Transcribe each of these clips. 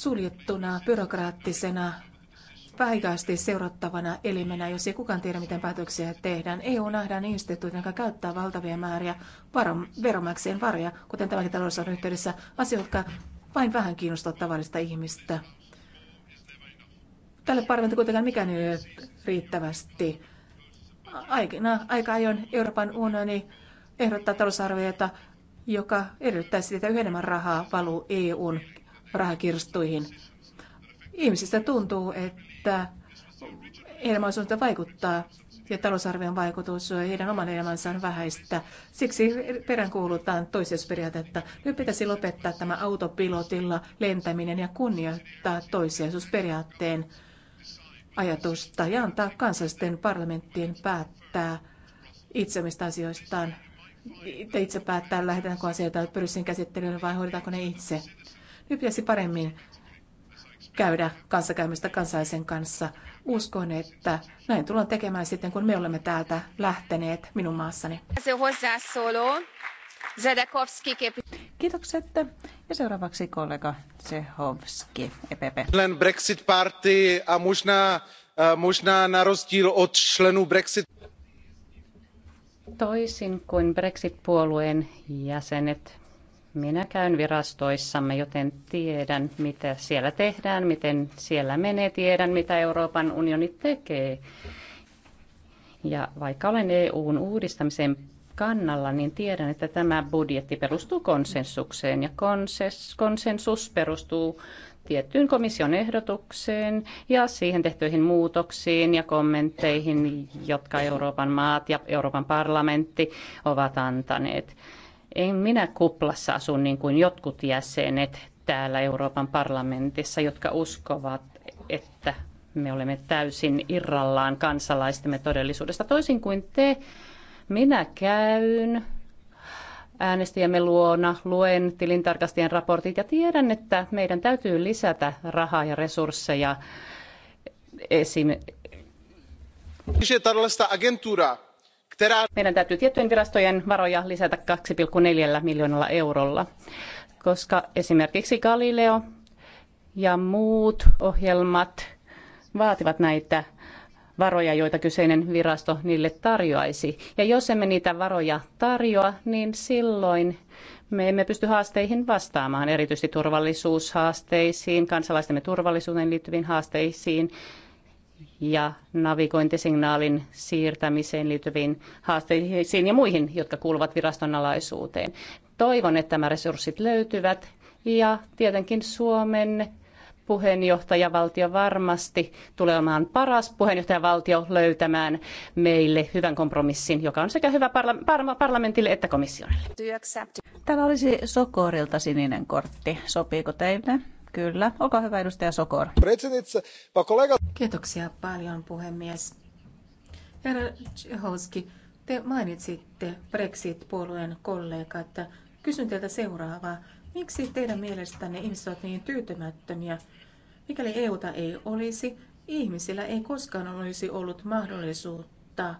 suljettuna, byrokraattisena, vaikeasti seurattavana elimenä, jos ei kukaan tiedä, miten päätöksiä tehdään. EU nähdään instituutin, joka käyttää valtavia määriä veronmaksajien varoja, kuten tämänkin talousarvon yhteydessä, asioita, jotka vain vähän kiinnostavat tavallista ihmistä. Tälle parlamentti kuitenkaan mikään ei ole riittävästi. aika ajoin Euroopan unioni ehdottaa talousarviota, joka edellyttää sitä, että yhden rahaa valuu EUn rahakirstuihin. Ihmisistä tuntuu, että ilmaisuutta vaikuttaa ja talousarvion vaikutus heidän oman elämänsä on vähäistä. Siksi peräänkuulutaan toisiusperiaatetta. Nyt pitäisi lopettaa tämä autopilotilla lentäminen ja kunnioittaa toisiusperiaatteen ajatusta ja antaa kansallisten parlamenttien päättää itsemistä asioistaan. Itse päättää, lähdetäänkö asioita Brysselin käsittelyyn vai hoidetaanko ne itse. Nyt pitäisi paremmin käydä kanssakäymistä kansaisen kanssa. Uskon, että näin tullaan tekemään sitten, kun me olemme täältä lähteneet minun maassani. Kiitokset. Ja seuraavaksi kollega Zehovski, EPP. Člen Brexit Party a možná, možná na rozdíl od členů Brexit Toisin kuin Brexit-puolueen jäsenet, minä käyn virastoissamme, joten tiedän, mitä siellä tehdään, miten siellä menee, tiedän, mitä Euroopan unioni tekee. Ja vaikka olen EUn uudistamisen kannalla, niin tiedän, että tämä budjetti perustuu konsensukseen ja konses, konsensus perustuu tiettyyn komission ehdotukseen ja siihen tehtyihin muutoksiin ja kommentteihin, jotka Euroopan maat ja Euroopan parlamentti ovat antaneet. En minä kuplassa asu niin kuin jotkut jäsenet täällä Euroopan parlamentissa, jotka uskovat, että me olemme täysin irrallaan kansalaistemme todellisuudesta. Toisin kuin te, minä käyn äänestäjämme luona, luen tilintarkastajien raportit ja tiedän, että meidän täytyy lisätä rahaa ja resursseja esim. tällaista agentuuraa meidän täytyy tiettyjen virastojen varoja lisätä 2,4 miljoonalla eurolla, koska esimerkiksi Galileo ja muut ohjelmat vaativat näitä varoja, joita kyseinen virasto niille tarjoaisi. Ja jos emme niitä varoja tarjoa, niin silloin me emme pysty haasteihin vastaamaan, erityisesti turvallisuushaasteisiin, kansalaistemme turvallisuuteen liittyviin haasteisiin ja navigointisignaalin siirtämiseen liittyviin haasteisiin ja muihin, jotka kuuluvat viraston alaisuuteen. Toivon, että nämä resurssit löytyvät ja tietenkin Suomen puheenjohtajavaltio varmasti tulee olemaan paras puheenjohtajavaltio löytämään meille hyvän kompromissin, joka on sekä hyvä parla- par- parlamentille että komissiolle. Täällä olisi Sokorilta sininen kortti. Sopiiko teille? Kyllä, olkaa hyvä edustaja Sokor. Kiitoksia paljon puhemies. Herra Chehowski, te mainitsitte Brexit-puolueen kollegat. Kysyn teiltä seuraavaa. Miksi teidän mielestänne ihmiset ovat niin tyytymättömiä? Mikäli EUta ei olisi, ihmisillä ei koskaan olisi ollut mahdollisuutta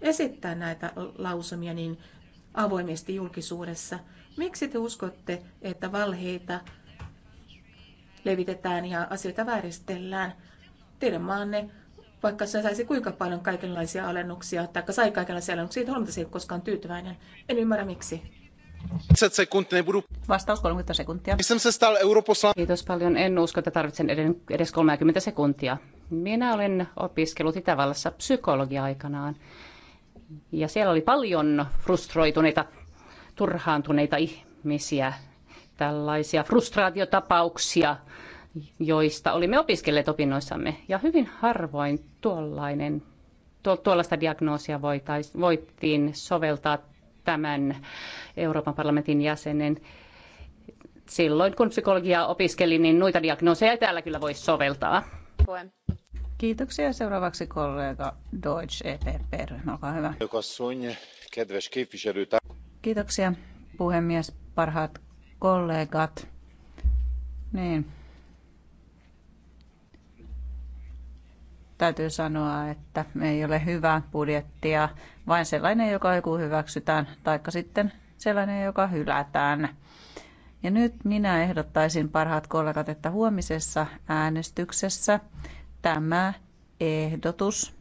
esittää näitä lausumia niin avoimesti julkisuudessa. Miksi te uskotte, että valheita levitetään ja asioita vääristellään? Teidän maanne, vaikka se saisi kuinka paljon kaikenlaisia alennuksia, tai sai kaikenlaisia alennuksia, siitä huolimatta se ei ole koskaan tyytyväinen. En ymmärrä miksi. Vastaus 30 sekuntia. Kiitos paljon. En usko, että tarvitsen edes 30 sekuntia. Minä olen opiskellut Itävallassa psykologia aikanaan. Ja siellä oli paljon frustroituneita turhaantuneita ihmisiä, tällaisia frustraatiotapauksia, joista olimme opiskelleet opinnoissamme. Ja hyvin harvoin tuollainen, tuo, tuollaista diagnoosia voitais, voittiin soveltaa tämän Euroopan parlamentin jäsenen silloin, kun psykologiaa opiskelin, niin noita diagnooseja ei täällä kyllä voi soveltaa. Kiitoksia. Seuraavaksi kollega Deutsch EPP. Olkaa hyvä. Kiitoksia puhemies, parhaat kollegat. Niin. Täytyy sanoa, että ei ole hyvää budjettia, vain sellainen, joka joku hyväksytään, taikka sitten sellainen, joka hylätään. Ja nyt minä ehdottaisin, parhaat kollegat, että huomisessa äänestyksessä tämä ehdotus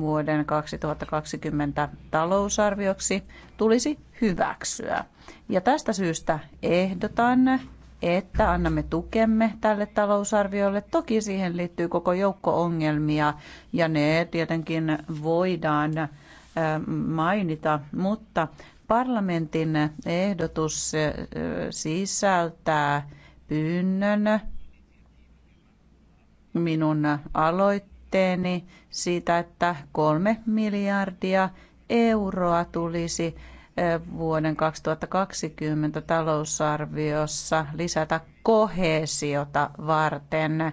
vuoden 2020 talousarvioksi tulisi hyväksyä. Ja tästä syystä ehdotan, että annamme tukemme tälle talousarviolle. Toki siihen liittyy koko joukko ongelmia ja ne tietenkin voidaan mainita, mutta parlamentin ehdotus sisältää pyynnön minun aloitteeni tavoitteeni siitä, että kolme miljardia euroa tulisi vuoden 2020 talousarviossa lisätä kohesiota varten.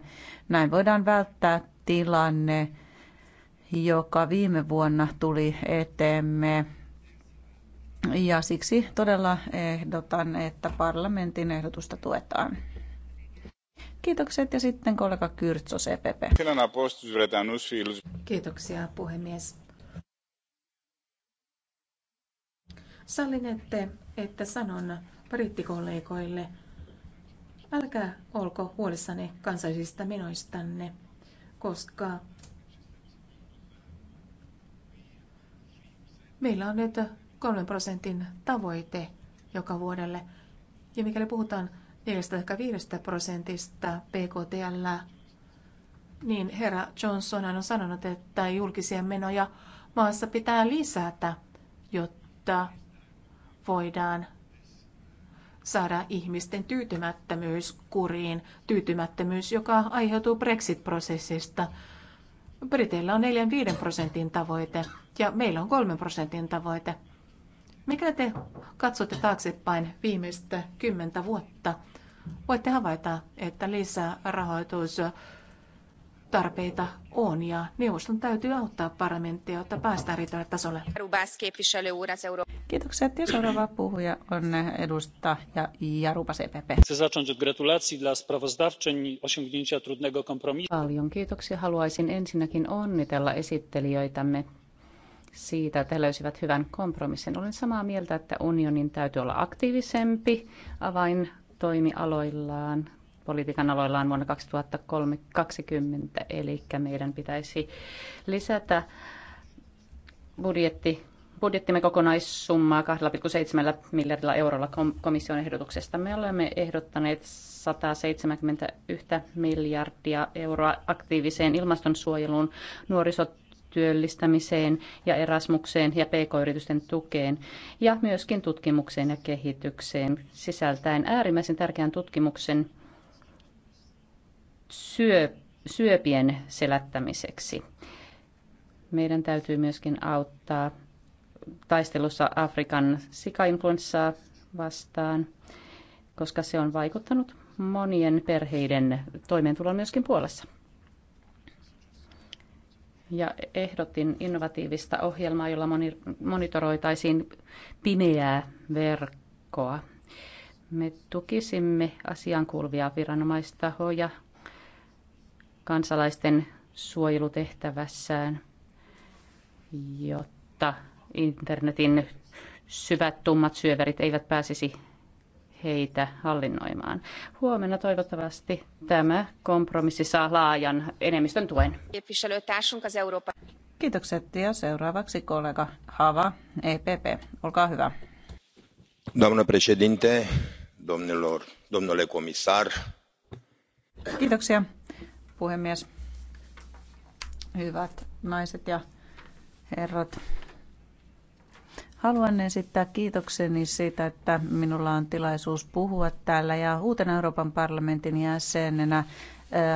Näin voidaan välttää tilanne, joka viime vuonna tuli eteemme. Ja siksi todella ehdotan, että parlamentin ehdotusta tuetaan. Kiitokset ja sitten kollega Kyrtso CPP. E Kiitoksia puhemies. Sallinette, että sanon brittikollegoille, älkää olko huolissanne kansallisista menoistanne, koska meillä on nyt 3 prosentin tavoite joka vuodelle. Ja mikäli puhutaan 45 prosentista PKTL, niin herra Johnson on sanonut, että julkisia menoja maassa pitää lisätä, jotta voidaan saada ihmisten tyytymättömyys kuriin, tyytymättömyys, joka aiheutuu Brexit-prosessista. Briteillä on 4-5 prosentin tavoite ja meillä on 3 prosentin tavoite. Mikä te katsotte taaksepäin viimeistä kymmentä vuotta? Voitte havaita, että lisää rahoitus tarpeita on ja neuvoston täytyy auttaa parlamenttia, jotta päästään riittävälle tasolle. Kiitokset ja seuraava puhuja on edustaja Jaruba e CPP. Paljon kiitoksia. Haluaisin ensinnäkin onnitella esittelijöitämme siitä, että he löysivät hyvän kompromissin. Olen samaa mieltä, että unionin täytyy olla aktiivisempi avain toimialoillaan, politiikan aloillaan vuonna 2020, eli meidän pitäisi lisätä budjetti budjettimme kokonaissummaa 2,7 miljardilla eurolla komission ehdotuksesta. Me olemme ehdottaneet 171 miljardia euroa aktiiviseen ilmastonsuojeluun, nuorisot työllistämiseen ja erasmukseen ja pk-yritysten tukeen ja myöskin tutkimukseen ja kehitykseen sisältäen äärimmäisen tärkeän tutkimuksen syö, syöpien selättämiseksi. Meidän täytyy myöskin auttaa taistelussa Afrikan sikainfluenssaa vastaan, koska se on vaikuttanut monien perheiden toimeentuloon myöskin Puolassa ja ehdotin innovatiivista ohjelmaa, jolla moni monitoroitaisiin pimeää verkkoa. Me tukisimme asiankuuluvia viranomaistahoja kansalaisten suojelutehtävässään, jotta internetin syvät tummat syöverit eivät pääsisi heitä hallinnoimaan. Huomenna toivottavasti tämä kompromissi saa laajan enemmistön tuen. Kiitokset ja seuraavaksi kollega Hava, EPP. Olkaa hyvä. Domnule președinte, domnilor, domnule comisar. Kiitoksia, puhemies. Hyvät naiset ja herrat. Haluan esittää kiitokseni siitä, että minulla on tilaisuus puhua täällä ja uutena Euroopan parlamentin jäsenenä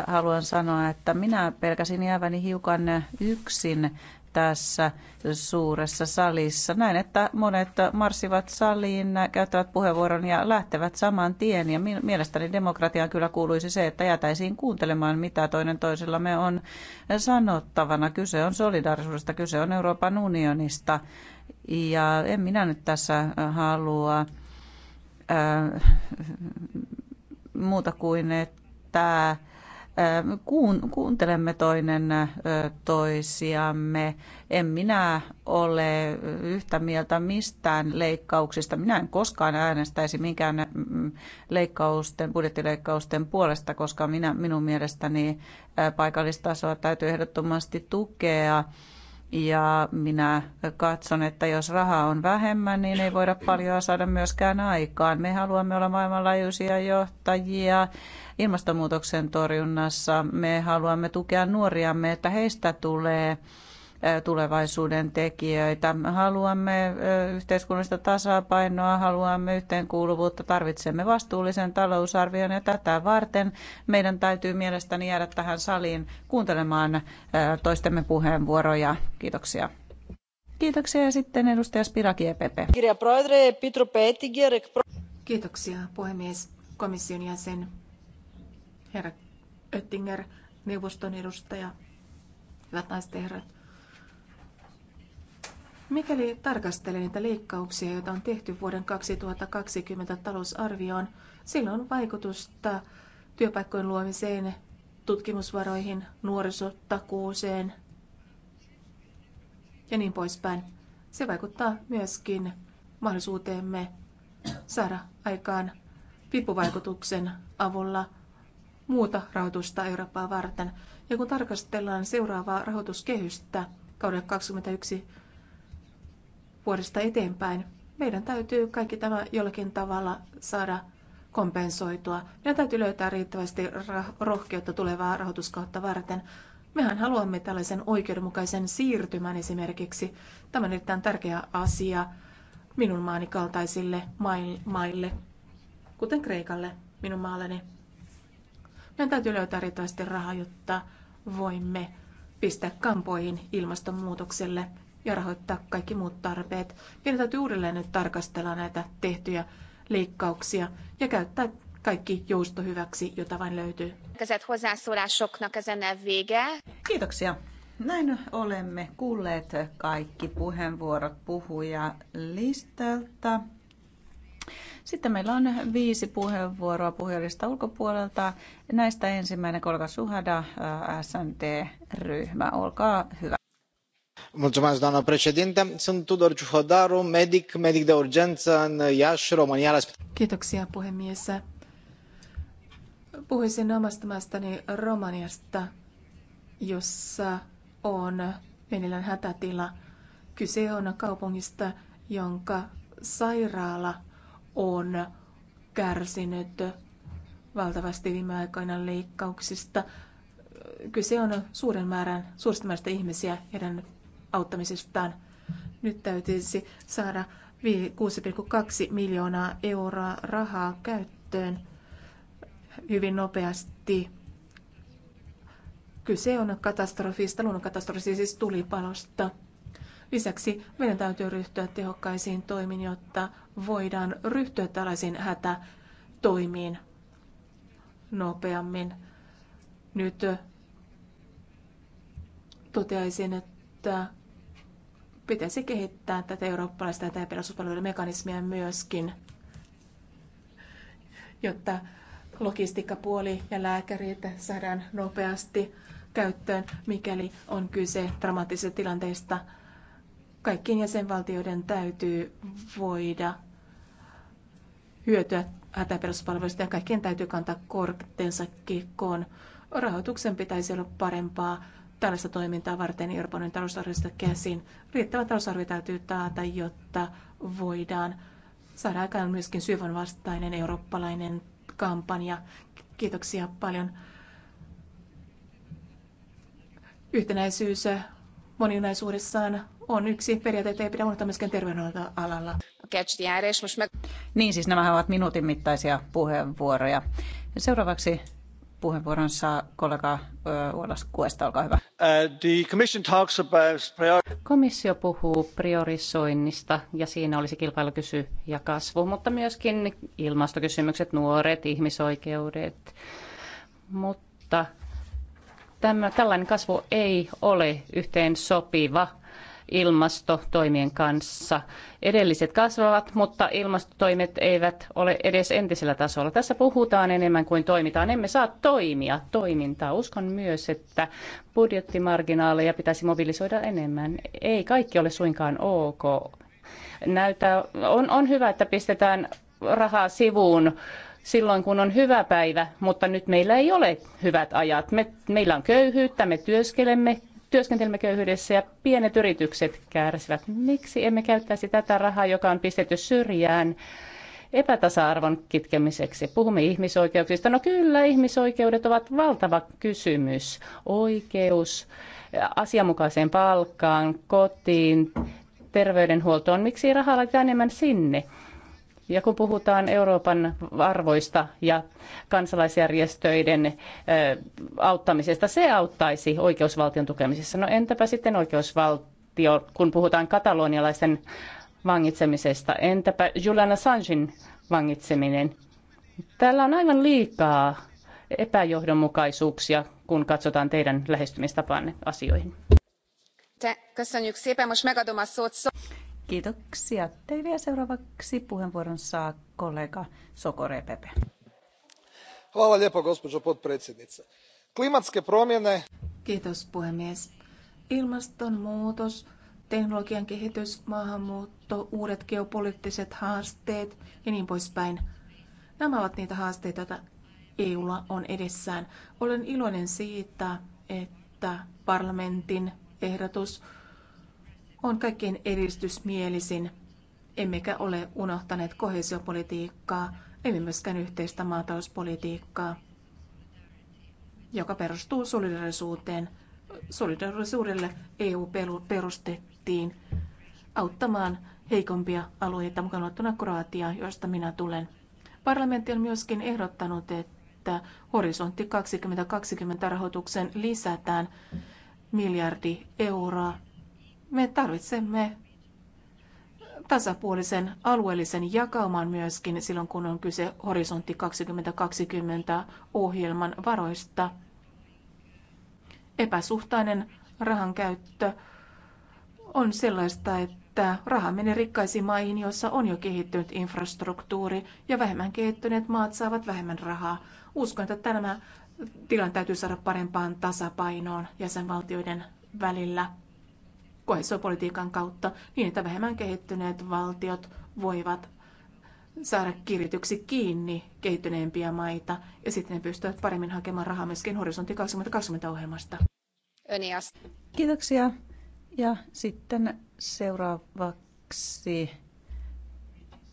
haluan sanoa, että minä pelkäsin jääväni hiukan yksin tässä suuressa salissa. Näin, että monet marssivat saliin, käyttävät puheenvuoron ja lähtevät saman tien. Ja mielestäni demokratiaan kyllä kuuluisi se, että jätäisiin kuuntelemaan, mitä toinen toisella me on sanottavana. Kyse on solidaarisuudesta, kyse on Euroopan unionista. Ja en minä nyt tässä halua ää, äh, muuta kuin, että kuuntelemme toinen toisiamme. En minä ole yhtä mieltä mistään leikkauksista. Minä en koskaan äänestäisi minkään mm, leikkausten, budjettileikkausten puolesta, koska minä, minun mielestäni paikallistasoa täytyy ehdottomasti tukea. Ja minä katson, että jos rahaa on vähemmän, niin ei voida paljon saada myöskään aikaan. Me haluamme olla maailmanlaajuisia johtajia ilmastonmuutoksen torjunnassa. Me haluamme tukea nuoriamme, että heistä tulee tulevaisuuden tekijöitä. Haluamme yhteiskunnallista tasapainoa, haluamme yhteenkuuluvuutta, tarvitsemme vastuullisen talousarvion ja tätä varten meidän täytyy mielestäni jäädä tähän saliin kuuntelemaan toistemme puheenvuoroja. Kiitoksia. Kiitoksia ja sitten edustaja Spiraki Pepe. Kiitoksia puhemies komission jäsen herra Oettinger, neuvoston edustaja, hyvät naiset ja herrat. Mikäli tarkastelee niitä leikkauksia, joita on tehty vuoden 2020 talousarvioon, sillä on vaikutusta työpaikkojen luomiseen, tutkimusvaroihin, nuorisotakuuseen ja niin poispäin. Se vaikuttaa myöskin mahdollisuuteemme saada aikaan vipuvaikutuksen avulla muuta rahoitusta Eurooppaa varten. Ja kun tarkastellaan seuraavaa rahoituskehystä kaudelle 2021 vuodesta eteenpäin. Meidän täytyy kaikki tämä jollakin tavalla saada kompensoitua. Meidän täytyy löytää riittävästi rohkeutta tulevaa rahoituskautta varten. Mehän haluamme tällaisen oikeudenmukaisen siirtymän esimerkiksi. Tämä on erittäin tärkeä asia minun maani kaltaisille maille, kuten Kreikalle, minun maalleni. Meidän täytyy löytää riittävästi rahaa, jotta voimme pistää kampoihin ilmastonmuutokselle ja rahoittaa kaikki muut tarpeet. Meidän täytyy uudelleen nyt tarkastella näitä tehtyjä leikkauksia ja käyttää kaikki jousto hyväksi, jota vain löytyy. Kiitoksia. Näin olemme kuulleet kaikki puheenvuorot puhuja listalta. Sitten meillä on viisi puheenvuoroa puhujalista ulkopuolelta. Näistä ensimmäinen kolka Suhada, smt ryhmä Olkaa hyvä doamnă președintă sunt tudor ciuhodaru medic medic de urgență în iași românia la. kiitoksia puhemies puhuisin omasta maastani romaniasta jossa on meneillään hätätila. Kyse on kaupungista, jonka sairaala on kärsinyt valtavasti viime aikoina leikkauksista. Kyse on suuren määrän, suuresta määrästä ihmisiä. Heidän auttamisestaan. Nyt täytyisi saada 6,2 miljoonaa euroa rahaa käyttöön hyvin nopeasti. Kyse on katastrofista, luonnonkatastrofista, siis tulipalosta. Lisäksi meidän täytyy ryhtyä tehokkaisiin toimiin, jotta voidaan ryhtyä tällaisiin hätätoimiin nopeammin. Nyt toteaisin, että Pitäisi kehittää tätä eurooppalaista tätä pelastuspalveluiden mekanismia myöskin, jotta logistiikkapuoli ja lääkärit saadaan nopeasti käyttöön, mikäli on kyse dramaattisista tilanteista. Kaikkien jäsenvaltioiden täytyy voida hyötyä hätäperuspalveluista ja kaikkien täytyy kantaa korttensa kikkoon. Rahoituksen pitäisi olla parempaa tällaista toimintaa varten Euroopan talousarviosta käsin. Riittävä talousarvio täytyy taata, jotta voidaan saada aikaan myöskin syövän vastainen eurooppalainen kampanja. Kiitoksia paljon. Yhtenäisyys moninaisuudessaan on yksi periaate, ei pidä unohtaa myöskään terveydenhuoltoalalla. Niin siis nämä ovat minuutin mittaisia puheenvuoroja. Seuraavaksi puheenvuoron saa kollega Uolas Kuesta, olkaa hyvä. Uh, Komissio puhuu priorisoinnista ja siinä olisi kilpailukysy ja kasvu, mutta myöskin ilmastokysymykset, nuoret, ihmisoikeudet. Mutta tämä, tällainen kasvu ei ole yhteen sopiva ilmastotoimien kanssa. Edelliset kasvavat, mutta ilmastotoimet eivät ole edes entisellä tasolla. Tässä puhutaan enemmän kuin toimitaan. Emme saa toimia toimintaa. Uskon myös, että budjettimarginaaleja pitäisi mobilisoida enemmän. Ei kaikki ole suinkaan ok. Näyttää, on, on hyvä, että pistetään rahaa sivuun silloin, kun on hyvä päivä, mutta nyt meillä ei ole hyvät ajat. Me, meillä on köyhyyttä, me työskelemme työskentelemme köyhyydessä ja pienet yritykset kärsivät. Miksi emme käyttäisi tätä rahaa, joka on pistetty syrjään epätasa-arvon kitkemiseksi? Puhumme ihmisoikeuksista. No kyllä, ihmisoikeudet ovat valtava kysymys. Oikeus asianmukaiseen palkkaan, kotiin, terveydenhuoltoon. Miksi rahaa laitetaan enemmän sinne? Ja kun puhutaan Euroopan arvoista ja kansalaisjärjestöiden auttamisesta, se auttaisi oikeusvaltion tukemisessa. No entäpä sitten oikeusvaltio, kun puhutaan katalonialaisen vangitsemisesta? Entäpä Julian Assangein vangitseminen? Täällä on aivan liikaa epäjohdonmukaisuuksia, kun katsotaan teidän lähestymistapanne asioihin. Kiitoksia teille ja seuraavaksi puheenvuoron saa kollega Sokore Pepe. Hvala lijepo, gospođo podpredsjednice. Klimatske promjene... Kiitos puhemies. Ilmastonmuutos, teknologian kehitys, maahanmuutto, uudet geopoliittiset haasteet ja niin poispäin. Nämä ovat niitä haasteita, joita EUlla on edessään. Olen iloinen siitä, että parlamentin ehdotus on kaikkein edistysmielisin, emmekä ole unohtaneet kohesiopolitiikkaa, emme myöskään yhteistä maatalouspolitiikkaa, joka perustuu solidarisuuteen. Solidarisuudelle EU perustettiin auttamaan heikompia alueita, mukaan luettuna Kroatiaa, josta minä tulen. Parlamentti on myöskin ehdottanut, että horisontti 2020 rahoituksen lisätään miljardi euroa me tarvitsemme tasapuolisen alueellisen jakauman myöskin silloin, kun on kyse Horisontti 2020 ohjelman varoista. Epäsuhtainen rahan käyttö on sellaista, että raha menee rikkaisiin maihin, joissa on jo kehittynyt infrastruktuuri ja vähemmän kehittyneet maat saavat vähemmän rahaa. Uskon, että tämä tilan täytyy saada parempaan tasapainoon jäsenvaltioiden välillä. Koheisopolitiikan kautta niin, että vähemmän kehittyneet valtiot voivat saada kirjoitetuksi kiinni kehittyneempiä maita ja sitten ne pystyvät paremmin hakemaan rahaa myöskin Horisontti 2020 ohjelmasta. Önias. Kiitoksia. Ja sitten seuraavaksi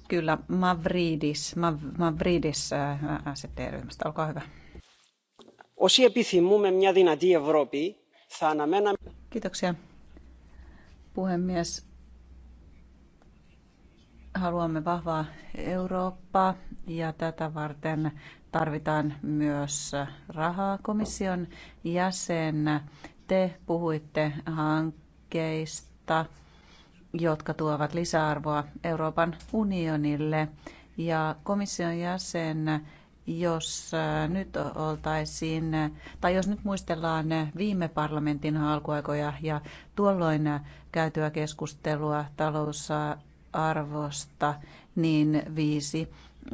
kyllä Mavridis, Mav, Mavridis äh, ST-ryhmästä. Olkaa hyvä. Όσοι επιθυμούμε μια δυνατή θα Kiitoksia puhemies. Haluamme vahvaa Eurooppaa ja tätä varten tarvitaan myös rahaa. Komission jäsen, te puhuitte hankkeista, jotka tuovat lisäarvoa Euroopan unionille. Ja komission jäsen jos äh, nyt oltaisiin, tai jos nyt muistellaan viime parlamentin alkuaikoja ja tuolloin käytyä keskustelua talousarvosta, niin viisi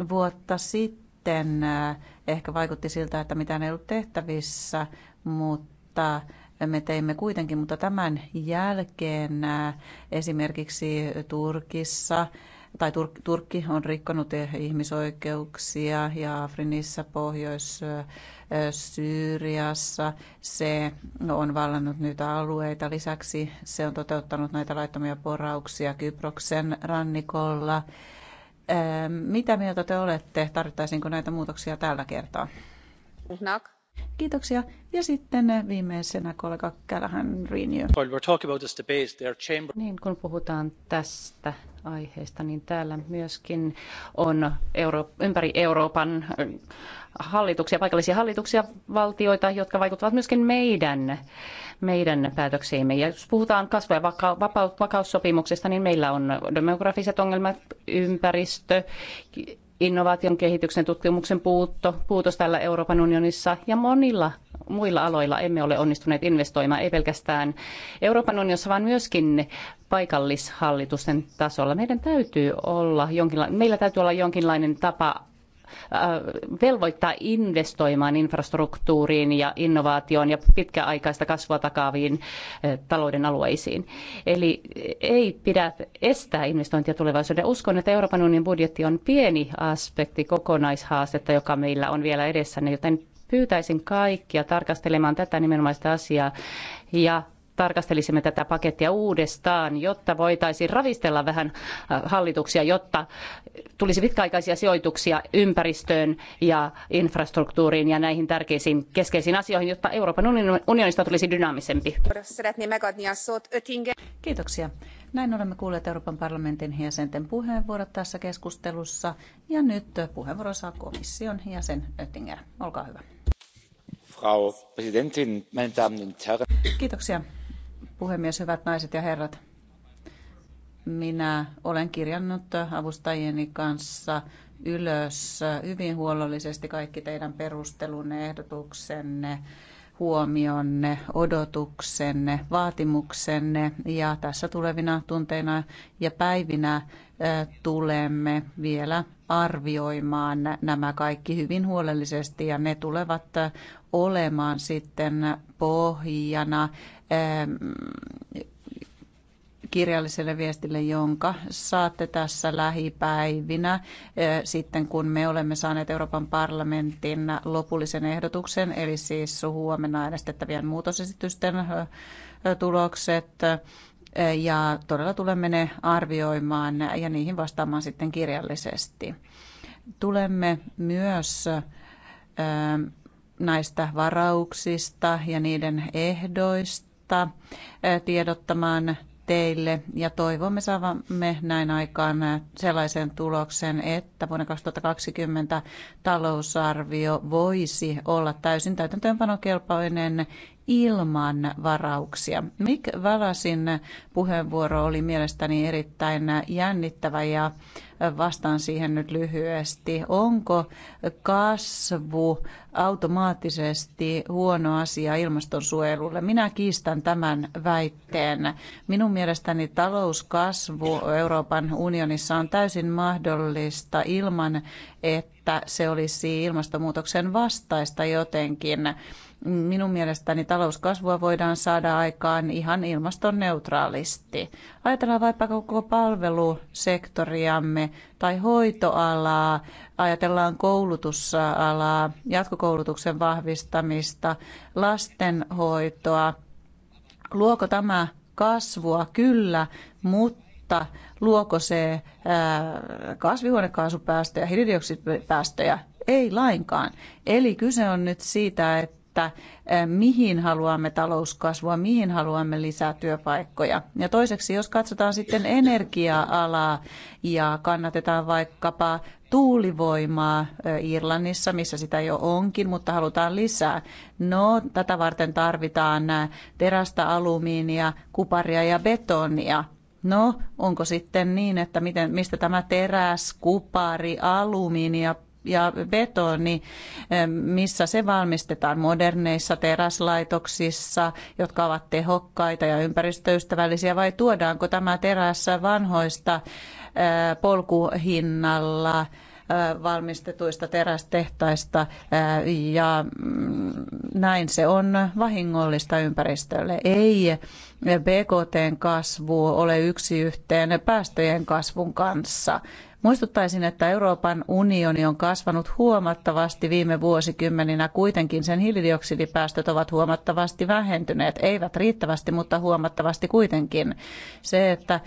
vuotta sitten äh, ehkä vaikutti siltä, että mitään ei ollut tehtävissä, mutta me teimme kuitenkin, mutta tämän jälkeen äh, esimerkiksi Turkissa tai Tur- Turkki on rikkonut ihmisoikeuksia ja Afrinissa, Pohjois-Syyriassa. Se on vallannut nyt alueita. Lisäksi se on toteuttanut näitä laittomia porauksia Kyproksen rannikolla. Mitä mieltä te olette? Tarvittaisiinko näitä muutoksia tällä kertaa? Knock. Kiitoksia. Ja sitten viimeisenä kollega Callahan Rinjö. Niin kun puhutaan tästä aiheesta, niin täällä myöskin on Euro- ympäri Euroopan äh, hallituksia, paikallisia hallituksia, valtioita, jotka vaikuttavat myöskin meidän, meidän päätöksiimme. Ja jos puhutaan kasvu- ja vakaussopimuksesta, niin meillä on demografiset ongelmat, ympäristö, innovaation kehityksen tutkimuksen puutto, puutos täällä Euroopan unionissa ja monilla muilla aloilla emme ole onnistuneet investoimaan, ei pelkästään Euroopan unionissa, vaan myöskin paikallishallitusten tasolla. Meidän täytyy olla jonkinla- meillä täytyy olla jonkinlainen tapa Äh, velvoittaa investoimaan infrastruktuuriin ja innovaatioon ja pitkäaikaista kasvua takaaviin äh, talouden alueisiin. Eli ei pidä estää investointia tulevaisuuden. Uskon, että Euroopan unionin budjetti on pieni aspekti kokonaishaastetta, joka meillä on vielä edessä, joten pyytäisin kaikkia tarkastelemaan tätä nimenomaista asiaa ja tarkastelisimme tätä pakettia uudestaan, jotta voitaisiin ravistella vähän hallituksia, jotta tulisi pitkäaikaisia sijoituksia ympäristöön ja infrastruktuuriin ja näihin tärkeisiin keskeisiin asioihin, jotta Euroopan unionista tulisi dynaamisempi. Kiitoksia. Näin olemme kuulleet Euroopan parlamentin jäsenten puheenvuorot tässä keskustelussa. Ja nyt puheenvuoro saa komission jäsen Oettinger. Olkaa hyvä. Frau Präsidentin, meine Damen und Herren. Kiitoksia puhemies, hyvät naiset ja herrat. Minä olen kirjannut avustajieni kanssa ylös hyvin huolellisesti kaikki teidän perustelunne, ehdotuksenne, huomionne, odotuksenne, vaatimuksenne ja tässä tulevina tunteina ja päivinä tulemme vielä arvioimaan nämä kaikki hyvin huolellisesti ja ne tulevat olemaan sitten pohjana kirjalliselle viestille, jonka saatte tässä lähipäivinä sitten, kun me olemme saaneet Euroopan parlamentin lopullisen ehdotuksen, eli siis huomenna äänestettävien muutosesitysten tulokset. Ja todella tulemme ne arvioimaan ja niihin vastaamaan sitten kirjallisesti. Tulemme myös näistä varauksista ja niiden ehdoista valmiutta tiedottamaan teille ja toivomme saavamme näin aikaan sellaisen tuloksen, että vuonna 2020 talousarvio voisi olla täysin täytäntöönpanokelpoinen ilman varauksia. Mick Valasin puheenvuoro oli mielestäni erittäin jännittävä ja vastaan siihen nyt lyhyesti. Onko kasvu automaattisesti huono asia ilmastonsuojelulle? Minä kiistän tämän väitteen. Minun mielestäni talouskasvu Euroopan unionissa on täysin mahdollista ilman, että se olisi ilmastonmuutoksen vastaista jotenkin. Minun mielestäni talouskasvua voidaan saada aikaan ihan ilmastoneutraalisti. Ajatellaan vaikka koko palvelusektoriamme tai hoitoalaa, ajatellaan koulutusalaa, jatkokoulutuksen vahvistamista, lastenhoitoa. Luoko tämä kasvua? Kyllä, mutta mutta luoko se kasvihuonekaasupäästöjä, hiilidioksidipäästöjä? Ei lainkaan. Eli kyse on nyt siitä, että että mihin haluamme talouskasvua, mihin haluamme lisää työpaikkoja. Ja toiseksi, jos katsotaan sitten energia-alaa ja kannatetaan vaikkapa tuulivoimaa Irlannissa, missä sitä jo onkin, mutta halutaan lisää. No, tätä varten tarvitaan terästä, alumiinia, kuparia ja betonia. No, onko sitten niin, että miten, mistä tämä teräs, kupari, alumiini ja ja betoni, missä se valmistetaan moderneissa teräslaitoksissa, jotka ovat tehokkaita ja ympäristöystävällisiä, vai tuodaanko tämä teräs vanhoista eh, polkuhinnalla eh, valmistetuista terästehtaista eh, ja mm, näin se on vahingollista ympäristölle. Ei BKTn kasvu ole yksi yhteen päästöjen kasvun kanssa. Muistuttaisin, että Euroopan unioni on kasvanut huomattavasti viime vuosikymmeninä. Kuitenkin sen hiilidioksidipäästöt ovat huomattavasti vähentyneet. Eivät riittävästi, mutta huomattavasti kuitenkin. Se, että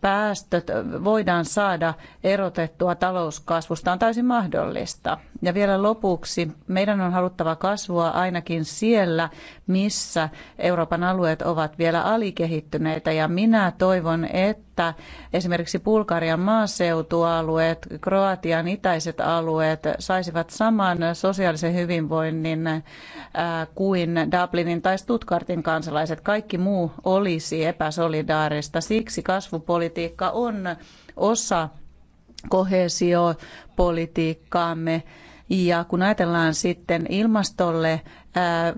päästöt voidaan saada erotettua talouskasvusta on täysin mahdollista. Ja vielä lopuksi, meidän on haluttava kasvua ainakin siellä, missä Euroopan alueet ovat vielä alikehittyneitä ja minä toivon, että että esimerkiksi Bulgarian maaseutualueet, Kroatian itäiset alueet saisivat saman sosiaalisen hyvinvoinnin äh, kuin Dublinin tai Stuttgartin kansalaiset. Kaikki muu olisi epäsolidaarista. Siksi kasvupolitiikka on osa kohesiopolitiikkaamme ja kun ajatellaan sitten ilmastolle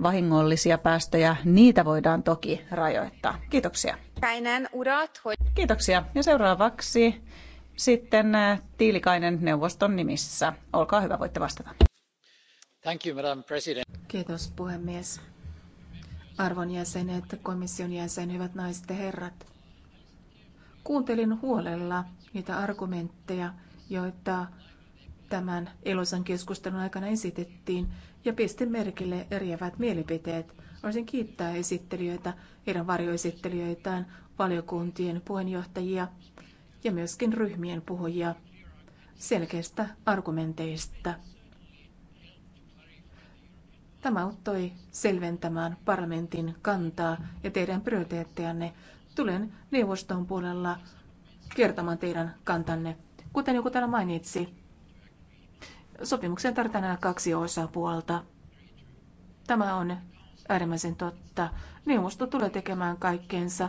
vahingollisia päästöjä, niitä voidaan toki rajoittaa. Kiitoksia. Kiitoksia. Ja seuraavaksi sitten Tiilikainen neuvoston nimissä. Olkaa hyvä, voitte vastata. Thank you, Madam President. Kiitos puhemies. Arvon jäsenet, komission jäsen, hyvät naiset ja herrat. Kuuntelin huolella niitä argumentteja, joita tämän iloisen keskustelun aikana esitettiin ja pisti merkille eriävät mielipiteet. Olisin kiittää esittelijöitä, heidän varjoesittelijöitään, valiokuntien puheenjohtajia ja myöskin ryhmien puhujia selkeistä argumenteista. Tämä auttoi selventämään parlamentin kantaa ja teidän prioriteettejanne. Tulen neuvoston puolella kertomaan teidän kantanne. Kuten joku täällä mainitsi, Sopimukseen tarvitaan nämä kaksi osapuolta. Tämä on äärimmäisen totta. Neuvosto tulee tekemään kaikkeensa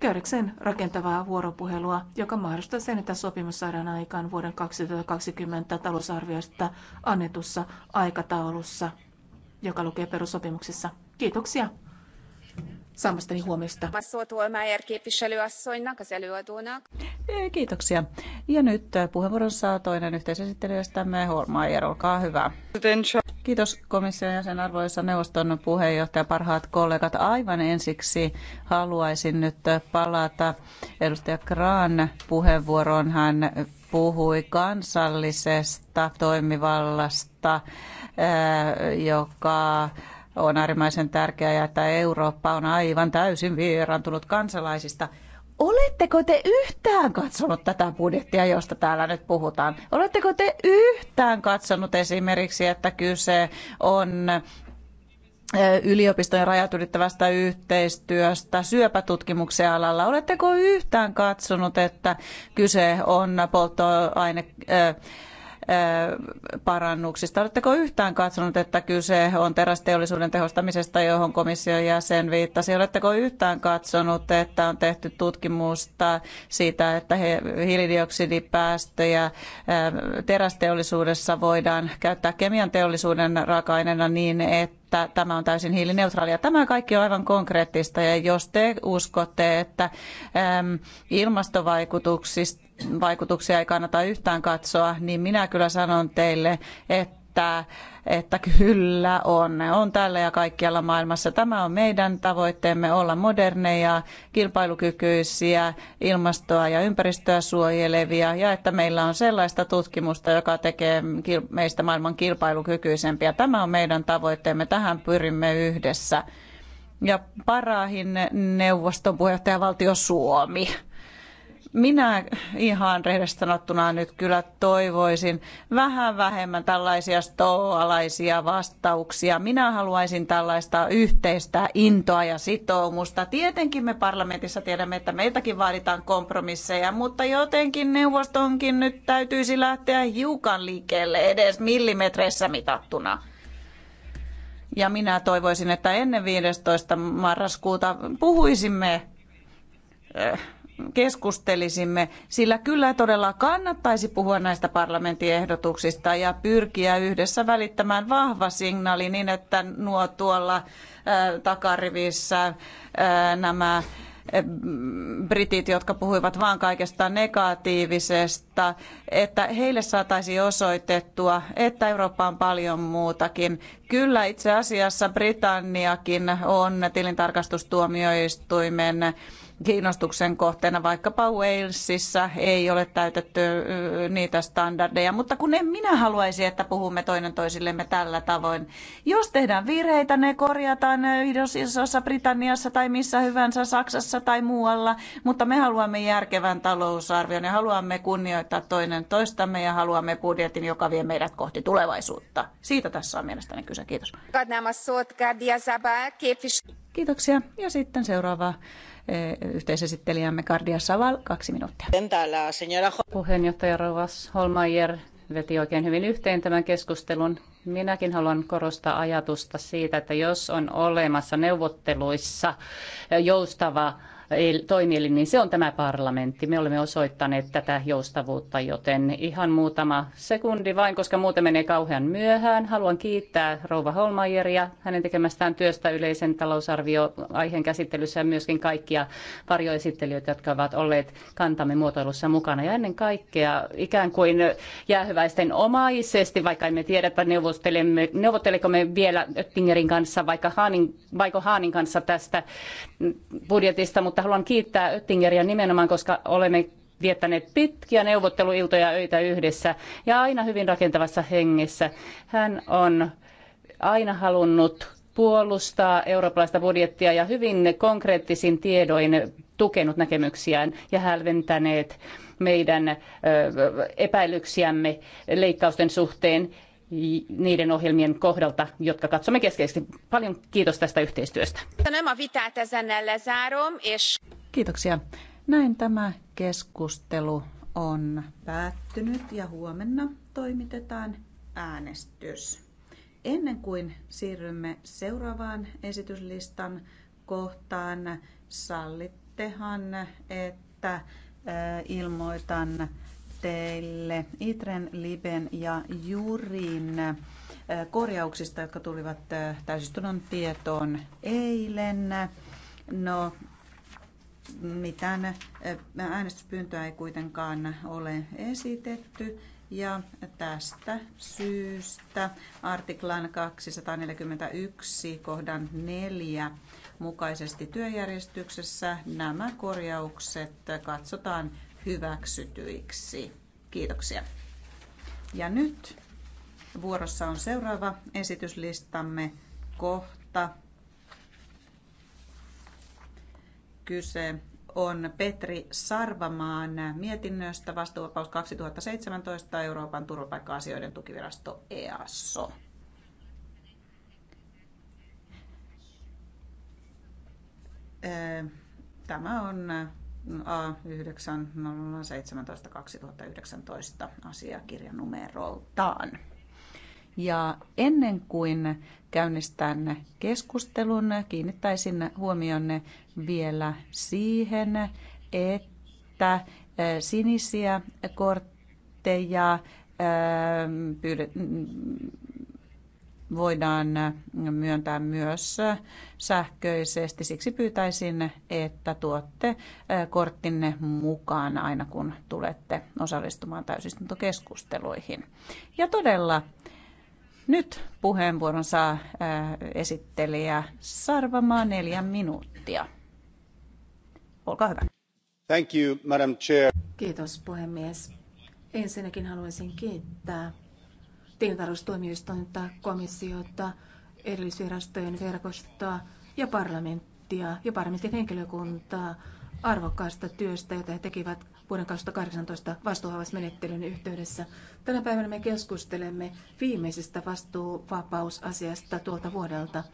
käydäkseen rakentavaa vuoropuhelua, joka mahdollistaa sen, että sopimus saadaan aikaan vuoden 2020 talousarviosta annetussa aikataulussa, joka lukee perussopimuksessa. Kiitoksia saamastani huomiosta. Kiitoksia. Ja nyt puheenvuoron saa toinen yhteisesittelijöistämme Holmaier, olkaa hyvä. Kiitos komission jäsen arvoisa neuvoston puheenjohtaja, parhaat kollegat. Aivan ensiksi haluaisin nyt palata edustaja Kraan puheenvuoroon. Hän puhui kansallisesta toimivallasta, joka on äärimmäisen tärkeää ja että Eurooppa on aivan täysin vieraantunut kansalaisista. Oletteko te yhtään katsonut tätä budjettia, josta täällä nyt puhutaan? Oletteko te yhtään katsonut esimerkiksi, että kyse on yliopistojen rajat ylittävästä yhteistyöstä syöpätutkimuksen alalla. Oletteko yhtään katsonut, että kyse on polttoaine parannuksista. Oletteko yhtään katsonut, että kyse on terästeollisuuden tehostamisesta, johon komission jäsen viittasi? Oletteko yhtään katsonut, että on tehty tutkimusta siitä, että hiilidioksidipäästöjä terästeollisuudessa voidaan käyttää kemian teollisuuden raaka-aineena niin, että tämä on täysin hiilineutraalia. Tämä kaikki on aivan konkreettista ja jos te uskotte, että ilmastovaikutuksista vaikutuksia ei kannata yhtään katsoa, niin minä kyllä sanon teille, että että kyllä on, on tällä ja kaikkialla maailmassa. Tämä on meidän tavoitteemme olla moderneja, kilpailukykyisiä, ilmastoa ja ympäristöä suojelevia ja että meillä on sellaista tutkimusta, joka tekee meistä maailman kilpailukykyisempiä. Tämä on meidän tavoitteemme, tähän pyrimme yhdessä. Ja parahin neuvoston puheenjohtajavaltio Suomi minä ihan rehellisesti sanottuna nyt kyllä toivoisin vähän vähemmän tällaisia stoalaisia vastauksia. Minä haluaisin tällaista yhteistä intoa ja sitoumusta. Tietenkin me parlamentissa tiedämme, että meiltäkin vaaditaan kompromisseja, mutta jotenkin neuvostonkin nyt täytyisi lähteä hiukan liikkeelle edes millimetreissä mitattuna. Ja minä toivoisin, että ennen 15. marraskuuta puhuisimme eh, keskustelisimme, sillä kyllä todella kannattaisi puhua näistä parlamentin ehdotuksista ja pyrkiä yhdessä välittämään vahva signaali niin, että nuo tuolla äh, takarivissä äh, nämä äh, britit, jotka puhuivat vaan kaikesta negatiivisesta, että heille saataisiin osoitettua, että Eurooppa on paljon muutakin. Kyllä itse asiassa Britanniakin on tilintarkastustuomioistuimen kiinnostuksen kohteena. Vaikkapa Walesissa ei ole täytetty niitä standardeja, mutta kun en minä haluaisi, että puhumme toinen toisillemme tällä tavoin. Jos tehdään virheitä, ne korjataan Isossa Britanniassa tai missä hyvänsä Saksassa tai muualla, mutta me haluamme järkevän talousarvion ja haluamme kunnioittaa toinen toistamme ja haluamme budjetin, joka vie meidät kohti tulevaisuutta. Siitä tässä on mielestäni kyse. Kiitos. Kiitoksia. Ja sitten seuraava Eh, yhteisesittelijämme Kardia Saval. Kaksi minuuttia. Puheenjohtaja Rovas Holmeier veti oikein hyvin yhteen tämän keskustelun. Minäkin haluan korostaa ajatusta siitä, että jos on olemassa neuvotteluissa joustava toimielin, niin se on tämä parlamentti. Me olemme osoittaneet tätä joustavuutta, joten ihan muutama sekunti vain, koska muuten menee kauhean myöhään. Haluan kiittää Rouva Holmajeria hänen tekemästään työstä yleisen talousarvioaiheen aiheen käsittelyssä ja myöskin kaikkia varjoesittelijöitä, jotka ovat olleet kantamme muotoilussa mukana. Ja ennen kaikkea ikään kuin jäähyväisten omaisesti, vaikka emme tiedä, että neuvottelemme, neuvotteleko me vielä Oettingerin kanssa, vaikka Haanin, vaiko Haanin kanssa tästä budjetista, mutta että haluan kiittää Öttingeria nimenomaan, koska olemme viettäneet pitkiä neuvotteluiltoja öitä yhdessä ja aina hyvin rakentavassa hengessä. Hän on aina halunnut puolustaa eurooppalaista budjettia ja hyvin konkreettisin tiedoin tukenut näkemyksiään ja hälventäneet meidän epäilyksiämme leikkausten suhteen niiden ohjelmien kohdalta, jotka katsomme keskeisesti. Paljon kiitos tästä yhteistyöstä. Kiitoksia. Näin tämä keskustelu on päättynyt ja huomenna toimitetaan äänestys. Ennen kuin siirrymme seuraavaan esityslistan kohtaan, sallittehan, että ilmoitan teille Itren, Liben ja Jurin äh, korjauksista, jotka tulivat äh, täysistunnon tietoon eilen. No, mitään äh, äänestyspyyntöä ei kuitenkaan ole esitetty. Ja tästä syystä artiklan 241 kohdan 4 mukaisesti työjärjestyksessä nämä korjaukset katsotaan hyväksytyiksi. Kiitoksia. Ja nyt vuorossa on seuraava esityslistamme kohta. Kyse on Petri Sarvamaan mietinnöstä vastuuvapaus 2017 Euroopan turvapaikka-asioiden tukivirasto EASO. Tämä on a 2019 asiakirjanumeroltaan. Ja ennen kuin käynnistän keskustelun, kiinnittäisin huomionne vielä siihen, että sinisiä kortteja voidaan myöntää myös sähköisesti. Siksi pyytäisin, että tuotte korttinne mukaan aina kun tulette osallistumaan täysistuntokeskusteluihin. Ja todella nyt puheenvuoron saa esittelijä Sarvamaa neljä minuuttia. Olkaa hyvä. Thank you, Madam Chair. Kiitos puhemies. Ensinnäkin haluaisin kiittää tilintarkastustuomioistuinta, komissiota, erillisvirastojen verkostoa ja parlamenttia ja parlamentin henkilökuntaa arvokkaasta työstä, jota he tekivät vuoden 2018 vastuuhavausmenettelyn yhteydessä. Tänä päivänä me keskustelemme viimeisestä vastuuvapausasiasta tuolta vuodelta.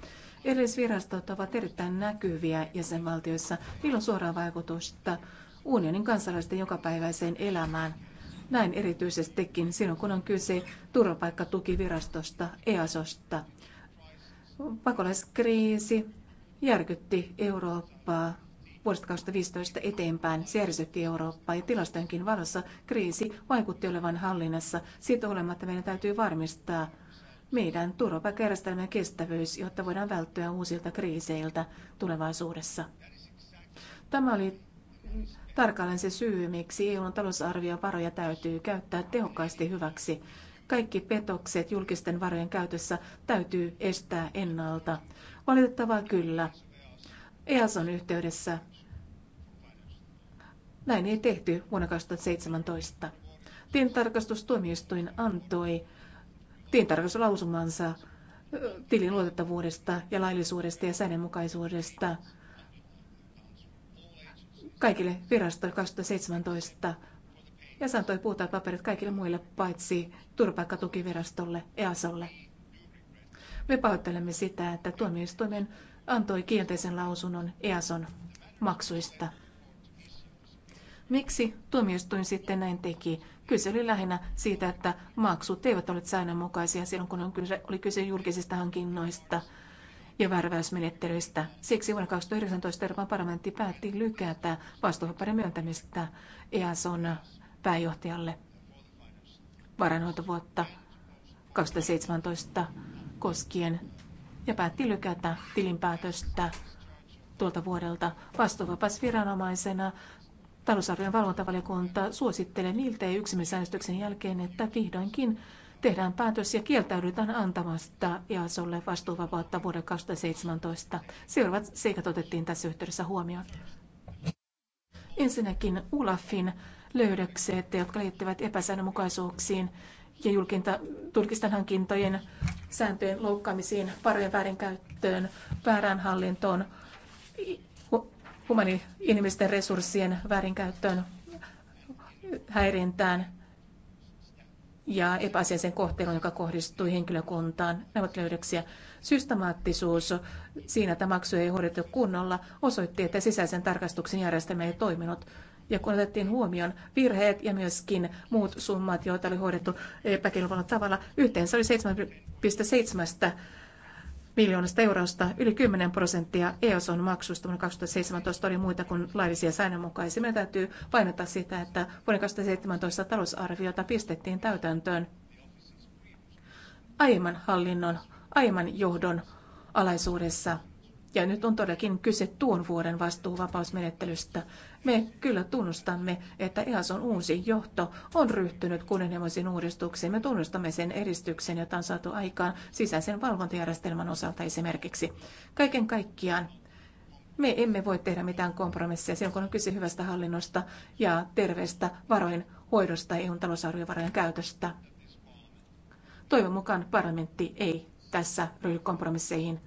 Erillisvirastot ovat erittäin näkyviä jäsenvaltioissa. Niillä on suoraa vaikutusta unionin kansalaisten jokapäiväiseen elämään näin erityisestikin silloin, kun on kyse turvapaikkatukivirastosta, EASosta. Pakolaiskriisi järkytti Eurooppaa vuodesta 2015 eteenpäin. Se järjestetti Eurooppaa ja tilastojenkin valossa kriisi vaikutti olevan hallinnassa. Siitä olematta meidän täytyy varmistaa meidän turvapaikkajärjestelmän kestävyys, jotta voidaan välttyä uusilta kriiseiltä tulevaisuudessa. Tämä oli tarkalleen se syy, miksi EUn talousarviovaroja täytyy käyttää tehokkaasti hyväksi. Kaikki petokset julkisten varojen käytössä täytyy estää ennalta. Valitettavaa kyllä. EASON yhteydessä näin ei tehty vuonna 2017. Tilintarkastustuomioistuin antoi tilintarkastuslausumansa tilin luotettavuudesta ja laillisuudesta ja säännönmukaisuudesta – kaikille virastoille 2017 ja santoi puhtaat paperit kaikille muille paitsi turvapaikkatukivirastolle EASOlle. Me pahoittelemme sitä, että tuomioistuimen antoi kielteisen lausunnon EASON maksuista. Miksi tuomioistuin sitten näin teki? Kyse oli lähinnä siitä, että maksut eivät ole säännönmukaisia silloin, kun oli kyse julkisista hankinnoista – ja värväysmenettelyistä. Siksi vuonna 2019 Euroopan parlamentti päätti lykätä vastuuhopparin myöntämistä EASON pääjohtajalle varainhoitovuotta 2017 koskien ja päätti lykätä tilinpäätöstä tuolta vuodelta viranomaisena Talousarvion valvontavaliokunta suosittelee miltei yksimielisäänestyksen jälkeen, että vihdoinkin tehdään päätös ja kieltäydytään antamasta EASOlle vastuuvapautta vuoden 2017. Seuraavat seikat otettiin tässä yhteydessä huomioon. Ensinnäkin Ulafin löydökset, jotka liittyvät epäsäännönmukaisuuksiin ja julkisten hankintojen sääntöjen loukkaamisiin, varojen väärinkäyttöön, väärään hallintoon, humani inhimillisten resurssien väärinkäyttöön, häirintään ja epäasiallisen kohtelun, joka kohdistui henkilökuntaan. ne ovat löydöksiä. Systemaattisuus siinä, että maksuja ei hoidettu kunnolla, osoitti, että sisäisen tarkastuksen järjestelmä ei toiminut. Ja kun otettiin huomioon virheet ja myöskin muut summat, joita oli hoidettu epäkelvolla tavalla, yhteensä oli 7,7 miljoonasta eurosta yli 10 prosenttia EOSon maksusta vuonna 2017 oli muita kuin laillisia säännönmukaisia. Meidän täytyy painottaa sitä, että vuoden 2017 talousarviota pistettiin täytäntöön aiemman hallinnon, aiemman johdon alaisuudessa ja nyt on todellakin kyse tuon vuoden vastuuvapausmenettelystä. Me kyllä tunnustamme, että EASOn uusi johto on ryhtynyt kunnianhimoisiin uudistuksiin. Me tunnustamme sen edistyksen, jota on saatu aikaan sisäisen valvontajärjestelmän osalta esimerkiksi. Kaiken kaikkiaan me emme voi tehdä mitään kompromisseja silloin, kun on kyse hyvästä hallinnosta ja terveestä varojen hoidosta EUn talousarviovarojen käytöstä. Toivon mukaan parlamentti ei tässä ryhdy kompromisseihin.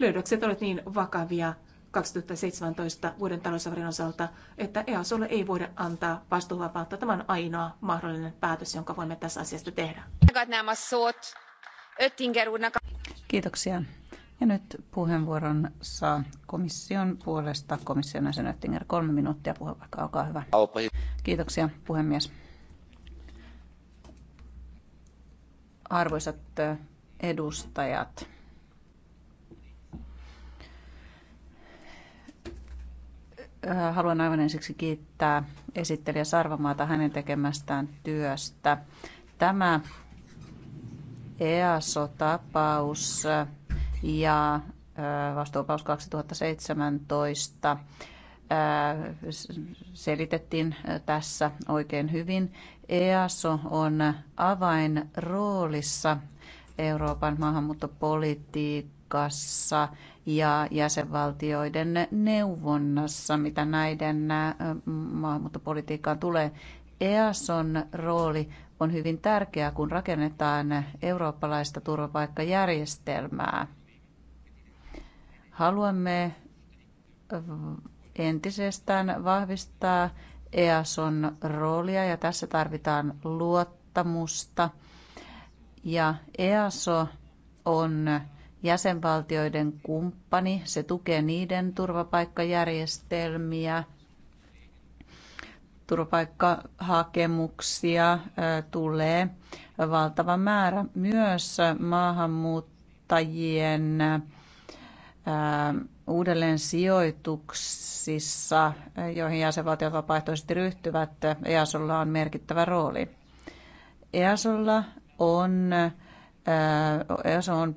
Löydökset olivat niin vakavia 2017 vuoden talousarvion osalta, että EASOlle ei voida antaa vastuuvapautta. Tämä on ainoa mahdollinen päätös, jonka voimme tässä asiasta tehdä. Kiitoksia. Ja nyt puheenvuoron saa komission puolesta komission jäsen Oettinger. Kolme minuuttia puheenvuoro, olkaa hyvä. Kiitoksia puhemies. Arvoisat edustajat, Äh, haluan aivan ensiksi kiittää esittelijä Sarvamaata hänen tekemästään työstä. Tämä EASO-tapaus ja äh, vastuupaus 2017 äh, selitettiin tässä oikein hyvin. EASO on avainroolissa Euroopan maahanmuuttopolitiikassa politiikassa ja jäsenvaltioiden neuvonnassa, mitä näiden äh, maahanmuuttopolitiikkaan tulee. EASON rooli on hyvin tärkeä, kun rakennetaan eurooppalaista turvapaikkajärjestelmää. Haluamme entisestään vahvistaa EASON roolia ja tässä tarvitaan luottamusta. Ja EASO on jäsenvaltioiden kumppani. Se tukee niiden turvapaikkajärjestelmiä, turvapaikkahakemuksia tulee valtava määrä myös maahanmuuttajien uudelleen sijoituksissa, joihin jäsenvaltiot vapaaehtoisesti ryhtyvät, EASolla on merkittävä rooli. EASolla on, EASO on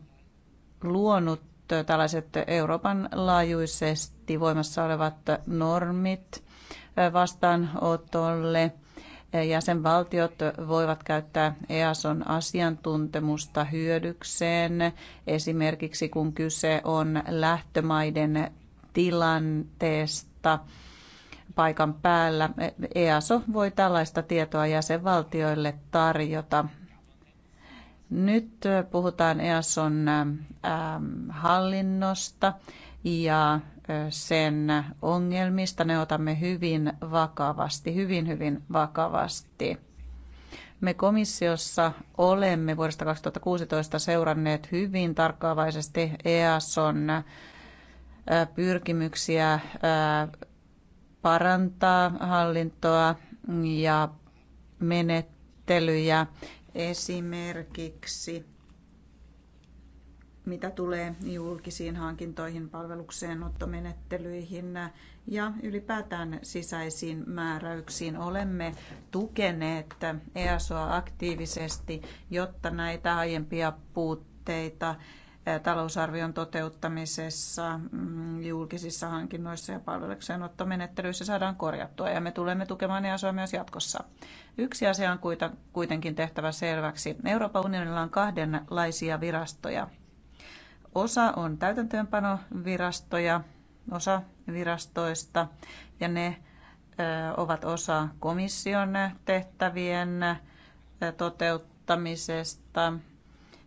luonut tällaiset Euroopan laajuisesti voimassa olevat normit vastaanotolle. Jäsenvaltiot voivat käyttää EASON asiantuntemusta hyödykseen, esimerkiksi kun kyse on lähtömaiden tilanteesta paikan päällä. EASO voi tällaista tietoa jäsenvaltioille tarjota nyt puhutaan EASON hallinnosta ja sen ongelmista. Ne otamme hyvin vakavasti, hyvin hyvin vakavasti. Me komissiossa olemme vuodesta 2016 seuranneet hyvin tarkkaavaisesti EASON pyrkimyksiä parantaa hallintoa ja menettelyjä esimerkiksi mitä tulee julkisiin hankintoihin, palvelukseen, ottomenettelyihin ja ylipäätään sisäisiin määräyksiin. Olemme tukeneet EASOa aktiivisesti, jotta näitä aiempia puutteita talousarvion toteuttamisessa, mm, julkisissa hankinnoissa ja palveluksenottomenettelyissä saadaan korjattua ja me tulemme tukemaan EASOa myös jatkossa. Yksi asia on kuitenkin tehtävä selväksi. Euroopan unionilla on kahdenlaisia virastoja. Osa on täytäntöönpanovirastoja, osa virastoista ja ne ovat osa komission tehtävien toteuttamisesta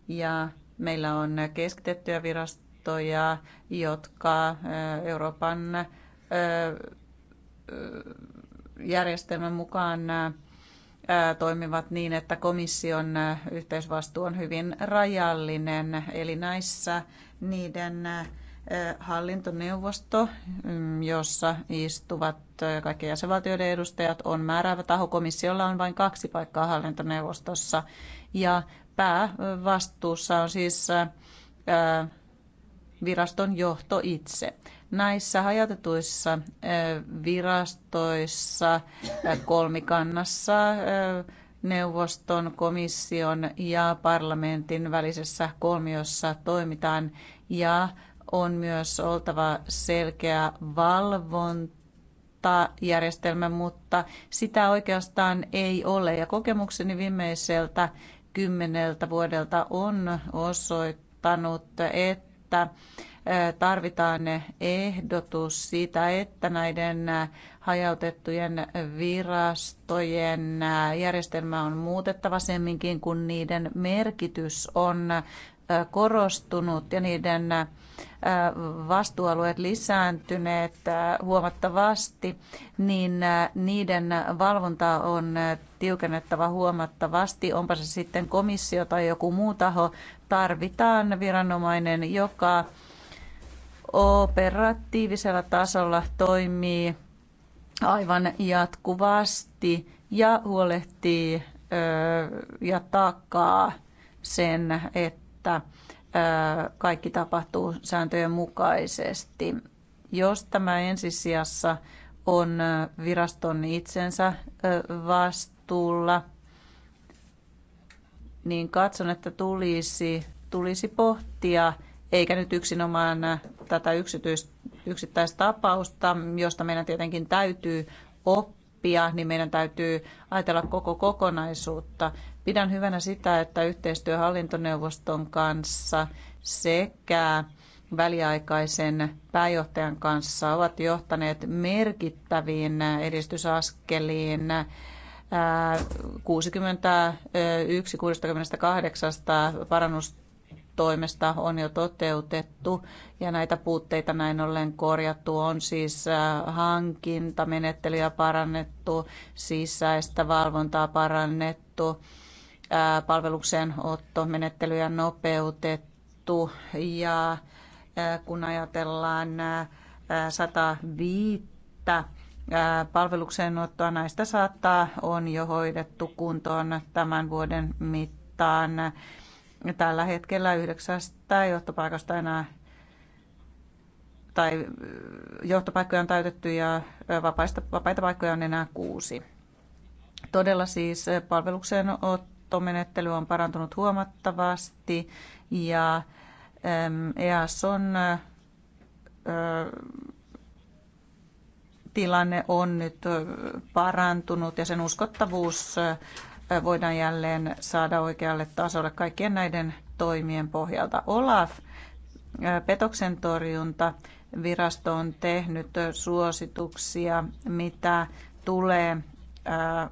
ja Meillä on keskitettyjä virastoja, jotka Euroopan järjestelmän mukaan toimivat niin, että komission yhteisvastuu on hyvin rajallinen. Eli näissä niiden hallintoneuvosto, mm, jossa istuvat kaikki jäsenvaltioiden edustajat, on määräävä taho. Komissiolla on vain kaksi paikkaa hallintoneuvostossa ja päävastuussa on siis viraston johto itse. Näissä hajautetuissa virastoissa kolmikannassa neuvoston, komission ja parlamentin välisessä kolmiossa toimitaan ja on myös oltava selkeä valvontajärjestelmä, mutta sitä oikeastaan ei ole. Ja kokemukseni viimeiseltä kymmeneltä vuodelta on osoittanut, että tarvitaan ehdotus siitä, että näiden hajautettujen virastojen järjestelmä on muutettava semminkin, kun niiden merkitys on korostunut ja niiden vastuualueet lisääntyneet huomattavasti, niin niiden valvonta on tiukennettava huomattavasti. Onpa se sitten komissio tai joku muu taho, tarvitaan viranomainen, joka operatiivisella tasolla toimii aivan jatkuvasti ja huolehtii ja takaa sen, että että kaikki tapahtuu sääntöjen mukaisesti. Jos tämä ensisijassa on viraston itsensä vastuulla, niin katson, että tulisi, tulisi pohtia, eikä nyt yksinomaan tätä yksittäistä tapausta, josta meidän tietenkin täytyy oppia, niin meidän täytyy ajatella koko kokonaisuutta. Pidän hyvänä sitä, että yhteistyö hallintoneuvoston kanssa sekä väliaikaisen pääjohtajan kanssa ovat johtaneet merkittäviin edistysaskeliin 61-68 parannustoimesta on jo toteutettu ja näitä puutteita näin ollen korjattu. On siis hankintamenettelyä parannettu, sisäistä valvontaa parannettu palvelukseen ottomenettelyjä nopeutettu ja kun ajatellaan 105 ottoa näistä saattaa on jo hoidettu kuntoon tämän vuoden mittaan. Tällä hetkellä yhdeksästä johtopaikasta enää tai johtopaikkoja on täytetty ja vapaista, vapaita paikkoja on enää kuusi. Todella siis palvelukseen Velanottomenettely on parantunut huomattavasti ja on tilanne on nyt parantunut ja sen uskottavuus voidaan jälleen saada oikealle tasolle kaikkien näiden toimien pohjalta. Olaf, petoksen torjunta, virasto on tehnyt suosituksia, mitä tulee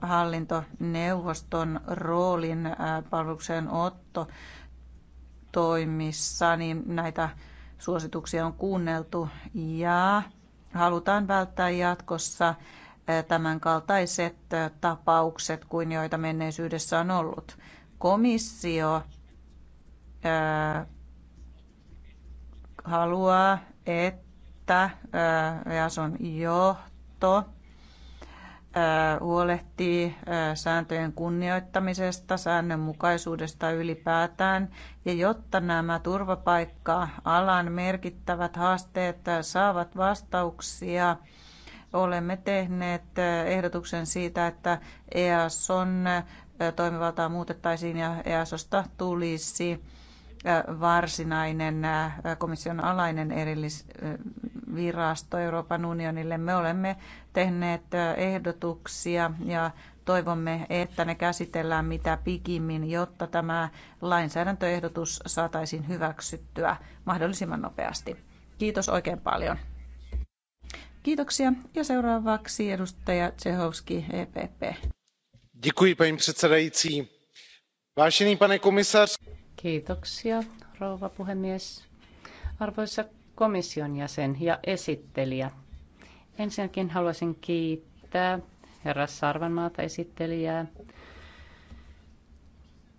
hallintoneuvoston roolin palvelukseen otto toimissa, niin näitä suosituksia on kuunneltu ja halutaan välttää jatkossa tämän kaltaiset tapaukset kuin joita menneisyydessä on ollut. Komissio haluaa, että ja se on johto huolehtii sääntöjen kunnioittamisesta, säännönmukaisuudesta ylipäätään. Ja jotta nämä turvapaikka-alan merkittävät haasteet saavat vastauksia, olemme tehneet ehdotuksen siitä, että EASON toimivaltaa muutettaisiin ja EASOsta tulisi varsinainen komission alainen erillisvirasto Euroopan unionille. Me olemme tehneet ehdotuksia ja toivomme, että ne käsitellään mitä pikimmin, jotta tämä lainsäädäntöehdotus saataisiin hyväksyttyä mahdollisimman nopeasti. Kiitos oikein paljon. Kiitoksia. Ja seuraavaksi edustaja Tsehovski, EPP. Děkuji, paní předsedající. Vážený pane komisař. Kiitoksia, rouva puhemies. Arvoisa komission jäsen ja esittelijä. Ensinnäkin haluaisin kiittää herra Sarvanmaata esittelijää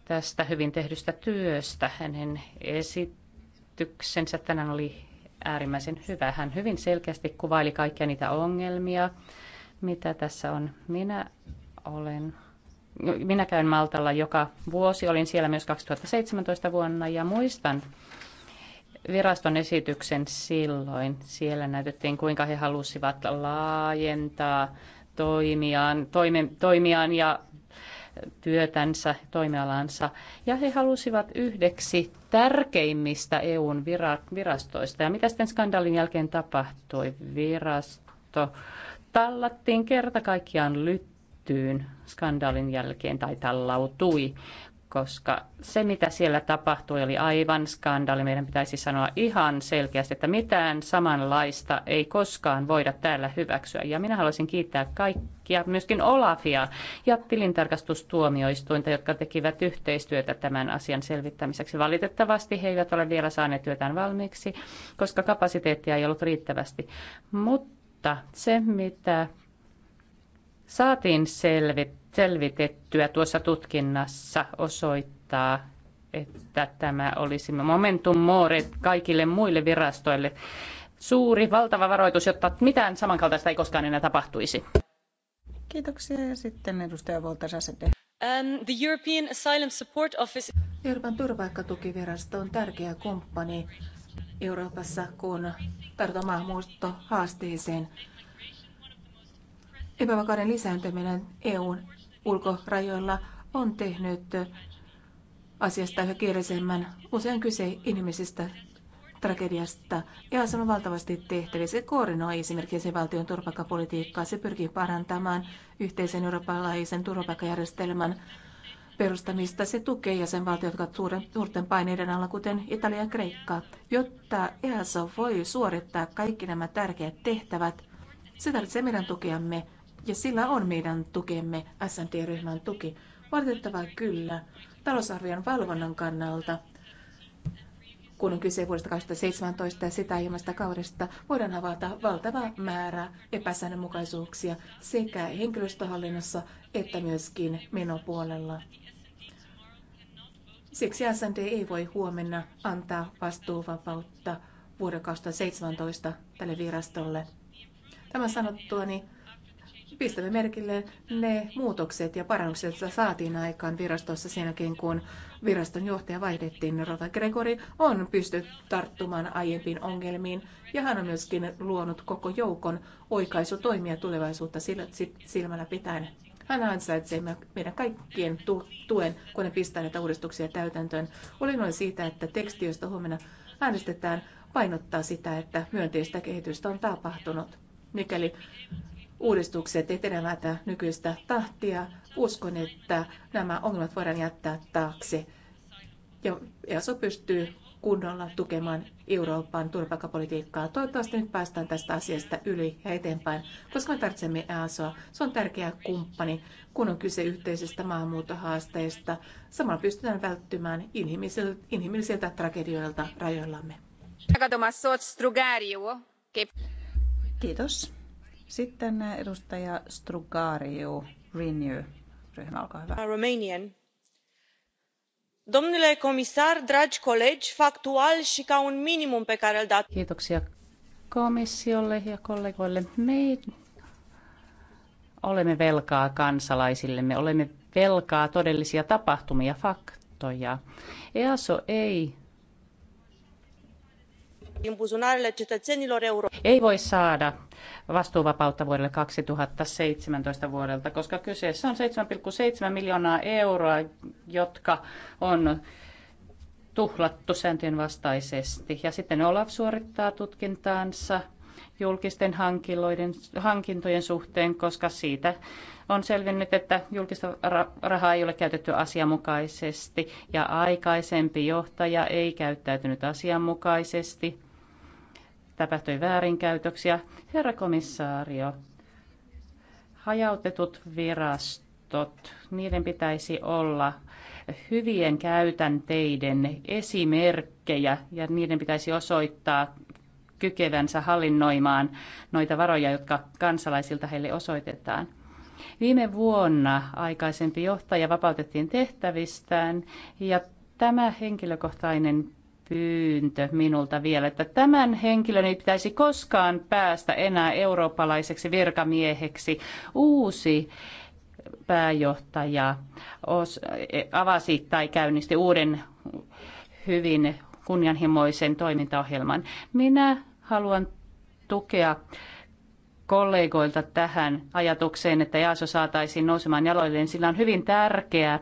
tästä hyvin tehdystä työstä. Hänen esityksensä tänään oli äärimmäisen hyvä. Hän hyvin selkeästi kuvaili kaikkia niitä ongelmia, mitä tässä on. Minä olen minä käyn Maltalla joka vuosi, olin siellä myös 2017 vuonna ja muistan viraston esityksen silloin. Siellä näytettiin, kuinka he halusivat laajentaa toimiaan, toime, toimiaan ja työtänsä, toimialansa. Ja he halusivat yhdeksi tärkeimmistä EUn virastoista. Ja mitä sitten skandaalin jälkeen tapahtui? Virasto tallattiin kerta kaikkiaan lyt päättyyn skandaalin jälkeen tai tallautui, koska se mitä siellä tapahtui oli aivan skandaali. Meidän pitäisi sanoa ihan selkeästi, että mitään samanlaista ei koskaan voida täällä hyväksyä. Ja minä haluaisin kiittää kaikkia, myöskin Olafia ja tilintarkastustuomioistuinta, jotka tekivät yhteistyötä tämän asian selvittämiseksi. Valitettavasti he eivät ole vielä saaneet työtään valmiiksi, koska kapasiteettia ei ollut riittävästi. Mutta mutta se, mitä saatiin selvitettyä tuossa tutkinnassa osoittaa, että tämä olisi momentum more kaikille muille virastoille. Suuri, valtava varoitus, jotta mitään samankaltaista ei koskaan enää tapahtuisi. Kiitoksia ja sitten edustaja Volta Sasede. Um, the European Asylum Support Office... Euroopan turvapaikkatukivirasto on tärkeä kumppani Euroopassa, kun muutto haasteeseen. Epävakauden lisääntyminen EUn ulkorajoilla on tehnyt asiasta yhä kiireisemmän. Usein kyse inhimillisestä tragediasta. Ja se on valtavasti tehtäviä. Se koordinoi esimerkiksi sen valtion turvapaikkapolitiikkaa. Se pyrkii parantamaan yhteisen eurooppalaisen turvapaikkajärjestelmän perustamista. Se tukee jäsenvaltiot, jotka suuren, suurten paineiden alla, kuten Italia ja Kreikka. Jotta EASO voi suorittaa kaikki nämä tärkeät tehtävät, se tarvitsee meidän tukeamme ja sillä on meidän tukemme, SNT-ryhmän tuki. Valitettavaa kyllä, talousarvion valvonnan kannalta, kun on kyse vuodesta 2017 ja sitä ilmaista kaudesta, voidaan havaita valtava määrä epäsäännönmukaisuuksia sekä henkilöstöhallinnossa että myöskin menopuolella. Siksi SND ei voi huomenna antaa vastuuvapautta vuoden 2017 tälle virastolle. Tämä sanottuani niin pistämme merkille ne muutokset ja parannukset, joita saatiin aikaan virastossa sen jälkeen, kun viraston johtaja vaihdettiin. Rota Gregory on pystynyt tarttumaan aiempiin ongelmiin ja hän on myöskin luonut koko joukon oikaisutoimia tulevaisuutta silmällä pitäen. Hän ansaitsee meidän kaikkien tuen, kun ne pistää näitä uudistuksia täytäntöön. Olin noin siitä, että teksti, josta huomenna äänestetään, painottaa sitä, että myönteistä kehitystä on tapahtunut. Mikäli uudistukset etenevät nykyistä tahtia. Uskon, että nämä ongelmat voidaan jättää taakse. Ja EASO pystyy kunnolla tukemaan Euroopan turvapaikkapolitiikkaa. Toivottavasti nyt päästään tästä asiasta yli ja eteenpäin, koska me tarvitsemme EASOa. Se on tärkeä kumppani, kun on kyse yhteisistä maahanmuuttohaasteista. Samalla pystytään välttymään inhimillisiltä, inhimillisiltä tragedioilta rajoillamme. Kiitos. Sitten edustaja Strugariu, Renew. Ryhmä, olkaa hyvä. Romanian. Domnule komissar dragi colegi, factual și ca un minimum pe care îl dat. Kiitoksia komissiolle ja kollegoille. Me olemme velkaa kansalaisille, me olemme velkaa todellisia tapahtumia, faktoja. EASO ei ei voi saada vastuuvapautta vuodelle 2017 vuodelta, koska kyseessä on 7,7 miljoonaa euroa, jotka on tuhlattu sääntöjen vastaisesti. Ja sitten Olaf suorittaa tutkintaansa julkisten hankintojen suhteen, koska siitä on selvinnyt, että julkista rahaa ei ole käytetty asianmukaisesti ja aikaisempi johtaja ei käyttäytynyt asianmukaisesti tapahtui väärinkäytöksiä. Herra komissaario, hajautetut virastot, niiden pitäisi olla hyvien käytänteiden esimerkkejä ja niiden pitäisi osoittaa kykevänsä hallinnoimaan noita varoja, jotka kansalaisilta heille osoitetaan. Viime vuonna aikaisempi johtaja vapautettiin tehtävistään ja tämä henkilökohtainen pyyntö minulta vielä, että tämän henkilön ei pitäisi koskaan päästä enää eurooppalaiseksi virkamieheksi. Uusi pääjohtaja avasi tai käynnisti uuden hyvin kunnianhimoisen toimintaohjelman. Minä haluan tukea kollegoilta tähän ajatukseen, että EASO saataisiin nousemaan jaloilleen. Sillä on hyvin tärkeä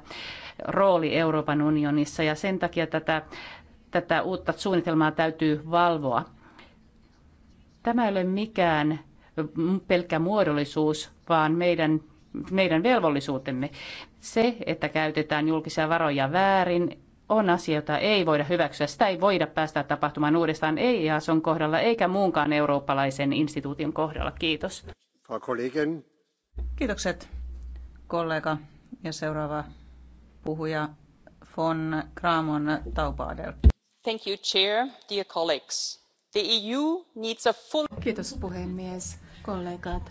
rooli Euroopan unionissa ja sen takia tätä tätä uutta suunnitelmaa täytyy valvoa. Tämä ei ole mikään pelkkä muodollisuus, vaan meidän, meidän velvollisuutemme. Se, että käytetään julkisia varoja väärin, on asia, jota ei voida hyväksyä. Sitä ei voida päästä tapahtumaan uudestaan ei EASOn kohdalla eikä muunkaan eurooppalaisen instituutin kohdalla. Kiitos. Kiitokset kollega ja seuraava puhuja von Kramon Taubadel. Kiitos puhemies, kollegat.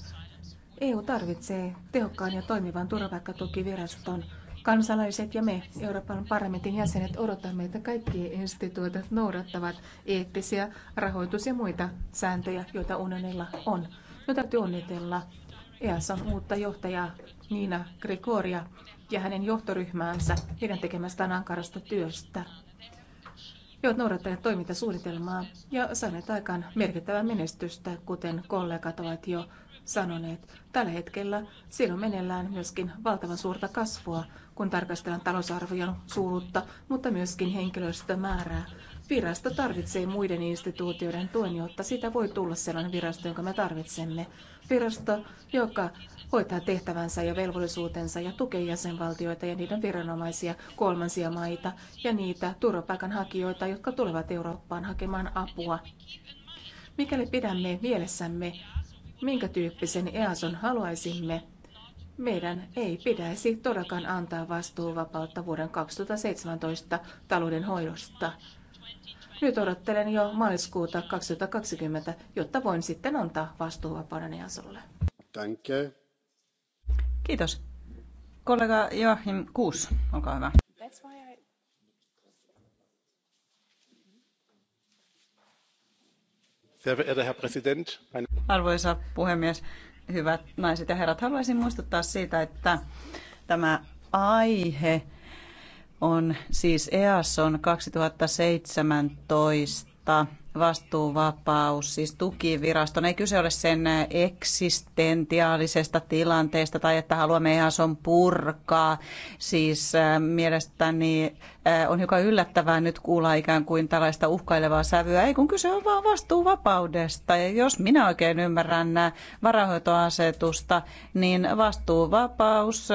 EU tarvitsee tehokkaan ja toimivan turvapaikkatukiviraston. Kansalaiset ja me, Euroopan parlamentin jäsenet, odotamme, että kaikki instituutiot noudattavat eettisiä rahoitus- ja muita sääntöjä, joita unionilla on. Nyt no, täytyy onnitella EASan uutta johtajaa Nina Gregoria ja hänen johtoryhmäänsä heidän tekemästään ankarasta työstä ovat noudattaneet toimintasuunnitelmaa ja saaneet aikaan merkittävää menestystä, kuten kollegat ovat jo sanoneet. Tällä hetkellä siinä on meneillään myöskin valtavan suurta kasvua, kun tarkastellaan talousarvion suuruutta, mutta myöskin henkilöstömäärää. Virasto tarvitsee muiden instituutioiden tuen, jotta sitä voi tulla sellainen virasto, jonka me tarvitsemme. Virasto, joka hoitaa tehtävänsä ja velvollisuutensa ja tukee jäsenvaltioita ja niiden viranomaisia, kolmansia maita ja niitä turvapaikanhakijoita, jotka tulevat Eurooppaan hakemaan apua. Mikäli pidämme mielessämme, minkä tyyppisen EASON haluaisimme, meidän ei pitäisi todellakaan antaa vastuuvapautta vuoden 2017 talouden hoidosta. Nyt odottelen jo maaliskuuta 2020, jotta voin sitten antaa vastuuvapauden EASOlle. Danke. Kiitos. Kollega Joachim Kuus, olkaa hyvä. Arvoisa puhemies, hyvät naiset ja herrat, haluaisin muistuttaa siitä, että tämä aihe on siis EASON 2017 vastuuvapaus, siis tukiviraston. Ei kyse ole sen eksistentiaalisesta tilanteesta tai että haluamme EASON purkaa. Siis äh, mielestäni äh, on hiukan yllättävää nyt kuulla ikään kuin tällaista uhkailevaa sävyä. Ei kun kyse on vaan vastuuvapaudesta. Ja jos minä oikein ymmärrän äh, varahoitoasetusta, niin vastuuvapaus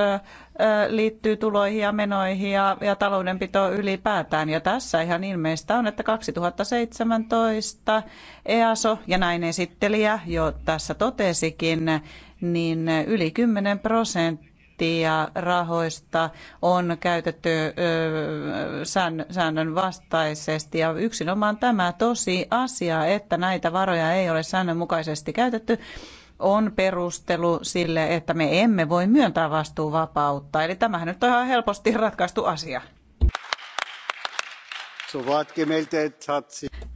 liittyy tuloihin ja menoihin ja, ja taloudenpitoon ylipäätään. Ja tässä ihan ilmeistä on, että 2017 EASO ja näin esittelijä jo tässä totesikin, niin yli 10 prosenttia rahoista on käytetty säännön vastaisesti. Ja yksinomaan tämä tosi asia, että näitä varoja ei ole säännönmukaisesti käytetty, on perustelu sille, että me emme voi myöntää vastuuvapautta. Eli tämähän nyt on ihan helposti ratkaistu asia.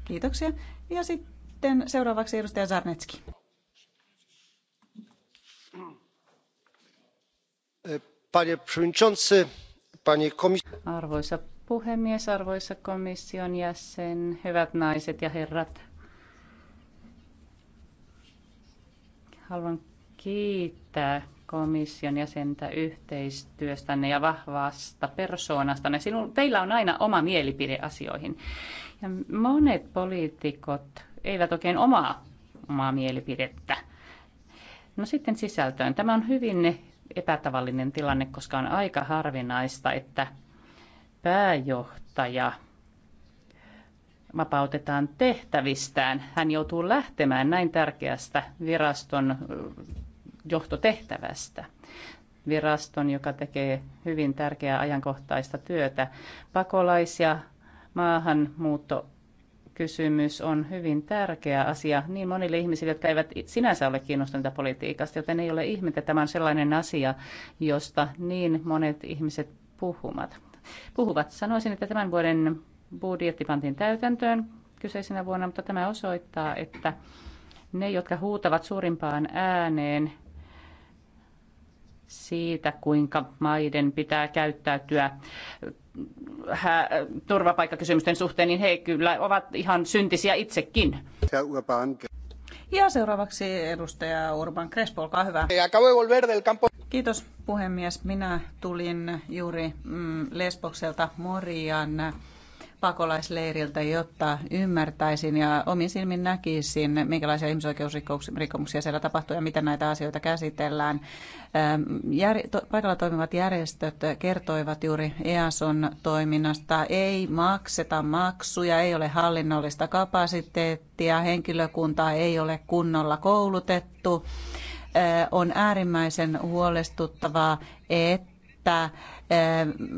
Kiitoksia. Ja sitten seuraavaksi edustaja Zarnetski. Panie przewodniczący, panie komisarzu. Arvoisa puhemies, arvoisa komission jäsen, hyvät naiset ja herrat. Haluan kiittää komission jäsentä yhteistyöstänne ja vahvasta persoonastanne. Sinun, teillä on aina oma mielipide asioihin. Ja monet poliitikot eivät oikein omaa, omaa mielipidettä. No sitten sisältöön. Tämä on hyvin epätavallinen tilanne, koska on aika harvinaista, että pääjohtaja vapautetaan tehtävistään. Hän joutuu lähtemään näin tärkeästä viraston johtotehtävästä. Viraston, joka tekee hyvin tärkeää ajankohtaista työtä. Pakolais- ja maahanmuuttokysymys on hyvin tärkeä asia niin monille ihmisille, jotka eivät sinänsä ole kiinnostuneita politiikasta, joten ei ole ihme, että tämä on sellainen asia, josta niin monet ihmiset puhuvat. Puhuvat. Sanoisin, että tämän vuoden budjetti pantiin täytäntöön kyseisenä vuonna, mutta tämä osoittaa, että ne, jotka huutavat suurimpaan ääneen siitä, kuinka maiden pitää käyttäytyä turvapaikkakysymysten suhteen, niin he kyllä ovat ihan syntisiä itsekin. Ja seuraavaksi edustaja Urban Crespo, olkaa hyvä. Kiitos puhemies. Minä tulin juuri mm, Lesbokselta Morjan pakolaisleiriltä, jotta ymmärtäisin ja omin silmin näkisin, minkälaisia ihmisoikeusrikkomuksia siellä tapahtuu ja miten näitä asioita käsitellään. Ähm, jär, to, paikalla toimivat järjestöt kertoivat juuri EASON toiminnasta. Ei makseta maksuja, ei ole hallinnollista kapasiteettia, henkilökuntaa ei ole kunnolla koulutettu. Äh, on äärimmäisen huolestuttavaa, että että eh,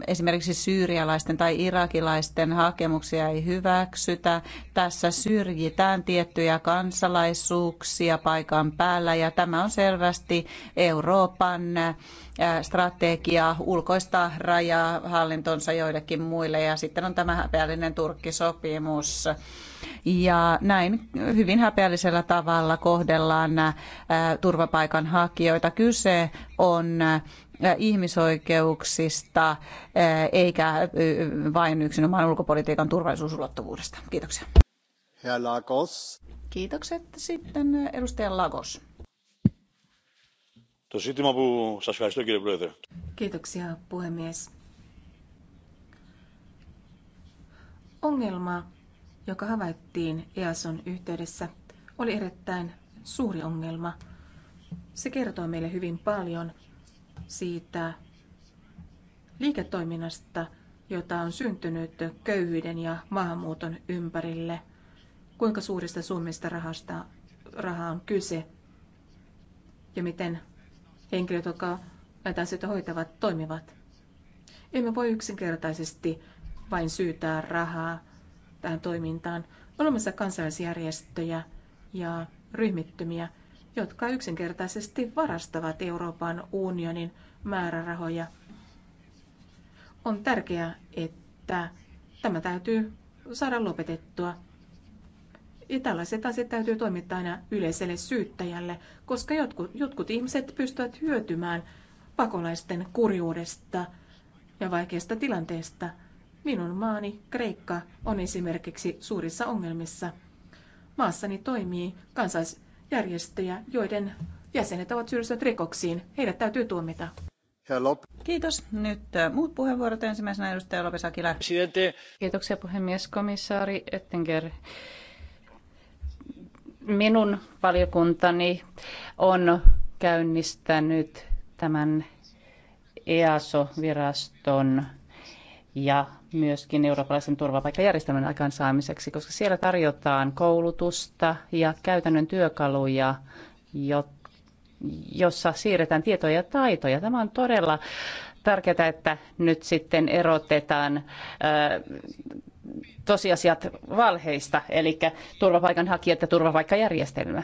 esimerkiksi syyrialaisten tai irakilaisten hakemuksia ei hyväksytä. Tässä syrjitään tiettyjä kansalaisuuksia paikan päällä ja tämä on selvästi Euroopan eh, strategia ulkoista rajaa hallintonsa joillekin muille ja sitten on tämä häpeällinen Turkkisopimus. Ja näin hyvin häpeällisellä tavalla kohdellaan eh, turvapaikanhakijoita. Kyse on ihmisoikeuksista eikä vain yksinomaan ulkopolitiikan turvallisuusulottuvuudesta. Kiitoksia. Herr Lagos. Kiitokset sitten edustaja Lagos. Kiitoksia puhemies. Ongelma, joka havaittiin EASON yhteydessä, oli erittäin suuri ongelma. Se kertoo meille hyvin paljon siitä liiketoiminnasta, jota on syntynyt köyhyyden ja maahanmuuton ympärille. Kuinka suurista summista rahasta, rahaa on kyse ja miten henkilöt, jotka näitä asioita hoitavat, toimivat. Emme voi yksinkertaisesti vain syytää rahaa tähän toimintaan. On olemassa kansalaisjärjestöjä ja ryhmittymiä, jotka yksinkertaisesti varastavat Euroopan unionin määrärahoja. On tärkeää, että tämä täytyy saada lopetettua. Ja tällaiset asiat täytyy toimittaa aina yleiselle syyttäjälle, koska jotkut, jotkut ihmiset pystyvät hyötymään pakolaisten kurjuudesta ja vaikeasta tilanteesta. Minun maani, Kreikka, on esimerkiksi suurissa ongelmissa. Maassani toimii kansais- järjestöjä, joiden jäsenet ovat syyllistyneet rikoksiin. Heidät täytyy tuomita. Kiitos. Nyt äh, muut puheenvuorot. Ensimmäisenä edustaja Lopes Akilä. Kiitoksia puhemies komissaari Ettinger. Minun valiokuntani on käynnistänyt tämän EASO-viraston ja myöskin eurooppalaisen turvapaikkajärjestelmän aikaansaamiseksi, koska siellä tarjotaan koulutusta ja käytännön työkaluja, jossa siirretään tietoja ja taitoja. Tämä on todella tärkeää, että nyt sitten erotetaan tosiasiat valheista, eli turvapaikanhakijat ja turvapaikkajärjestelmä.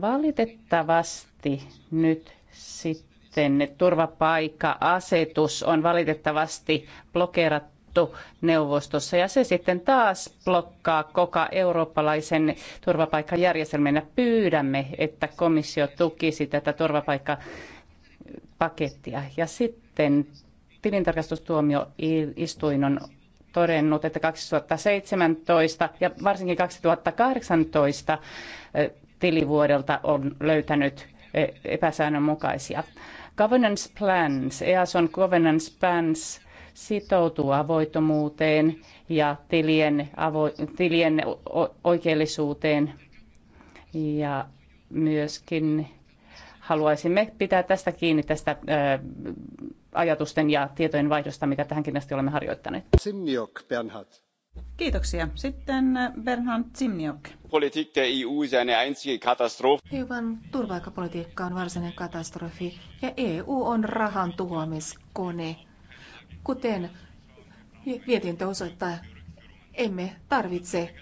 Valitettavasti nyt sitten turvapaikka-asetus on valitettavasti blokeerattu sovittu neuvostossa ja se sitten taas blokkaa koko eurooppalaisen turvapaikkajärjestelmän ja pyydämme, että komissio tukisi tätä turvapaikkapakettia. Ja sitten tilintarkastustuomioistuin on todennut, että 2017 ja varsinkin 2018 tilivuodelta on löytänyt epäsäännönmukaisia. Governance plans, EASON governance plans sitoutuu avoitomuuteen ja tilien, avo- tilien oikeellisuuteen ja myöskin haluaisimme pitää tästä kiinni tästä ö, ajatusten ja tietojen vaihdosta, mitä tähänkin asti olemme harjoittaneet. Simniok, Bernhard. Kiitoksia. Sitten Bernhard Simniok. Politiikka EU on einzige katastrofi. EUn turvaikapolitiikka on varsinainen katastrofi ja EU on rahan tuhoamiskone. Kuten mietintö osoittaa, emme tarvitse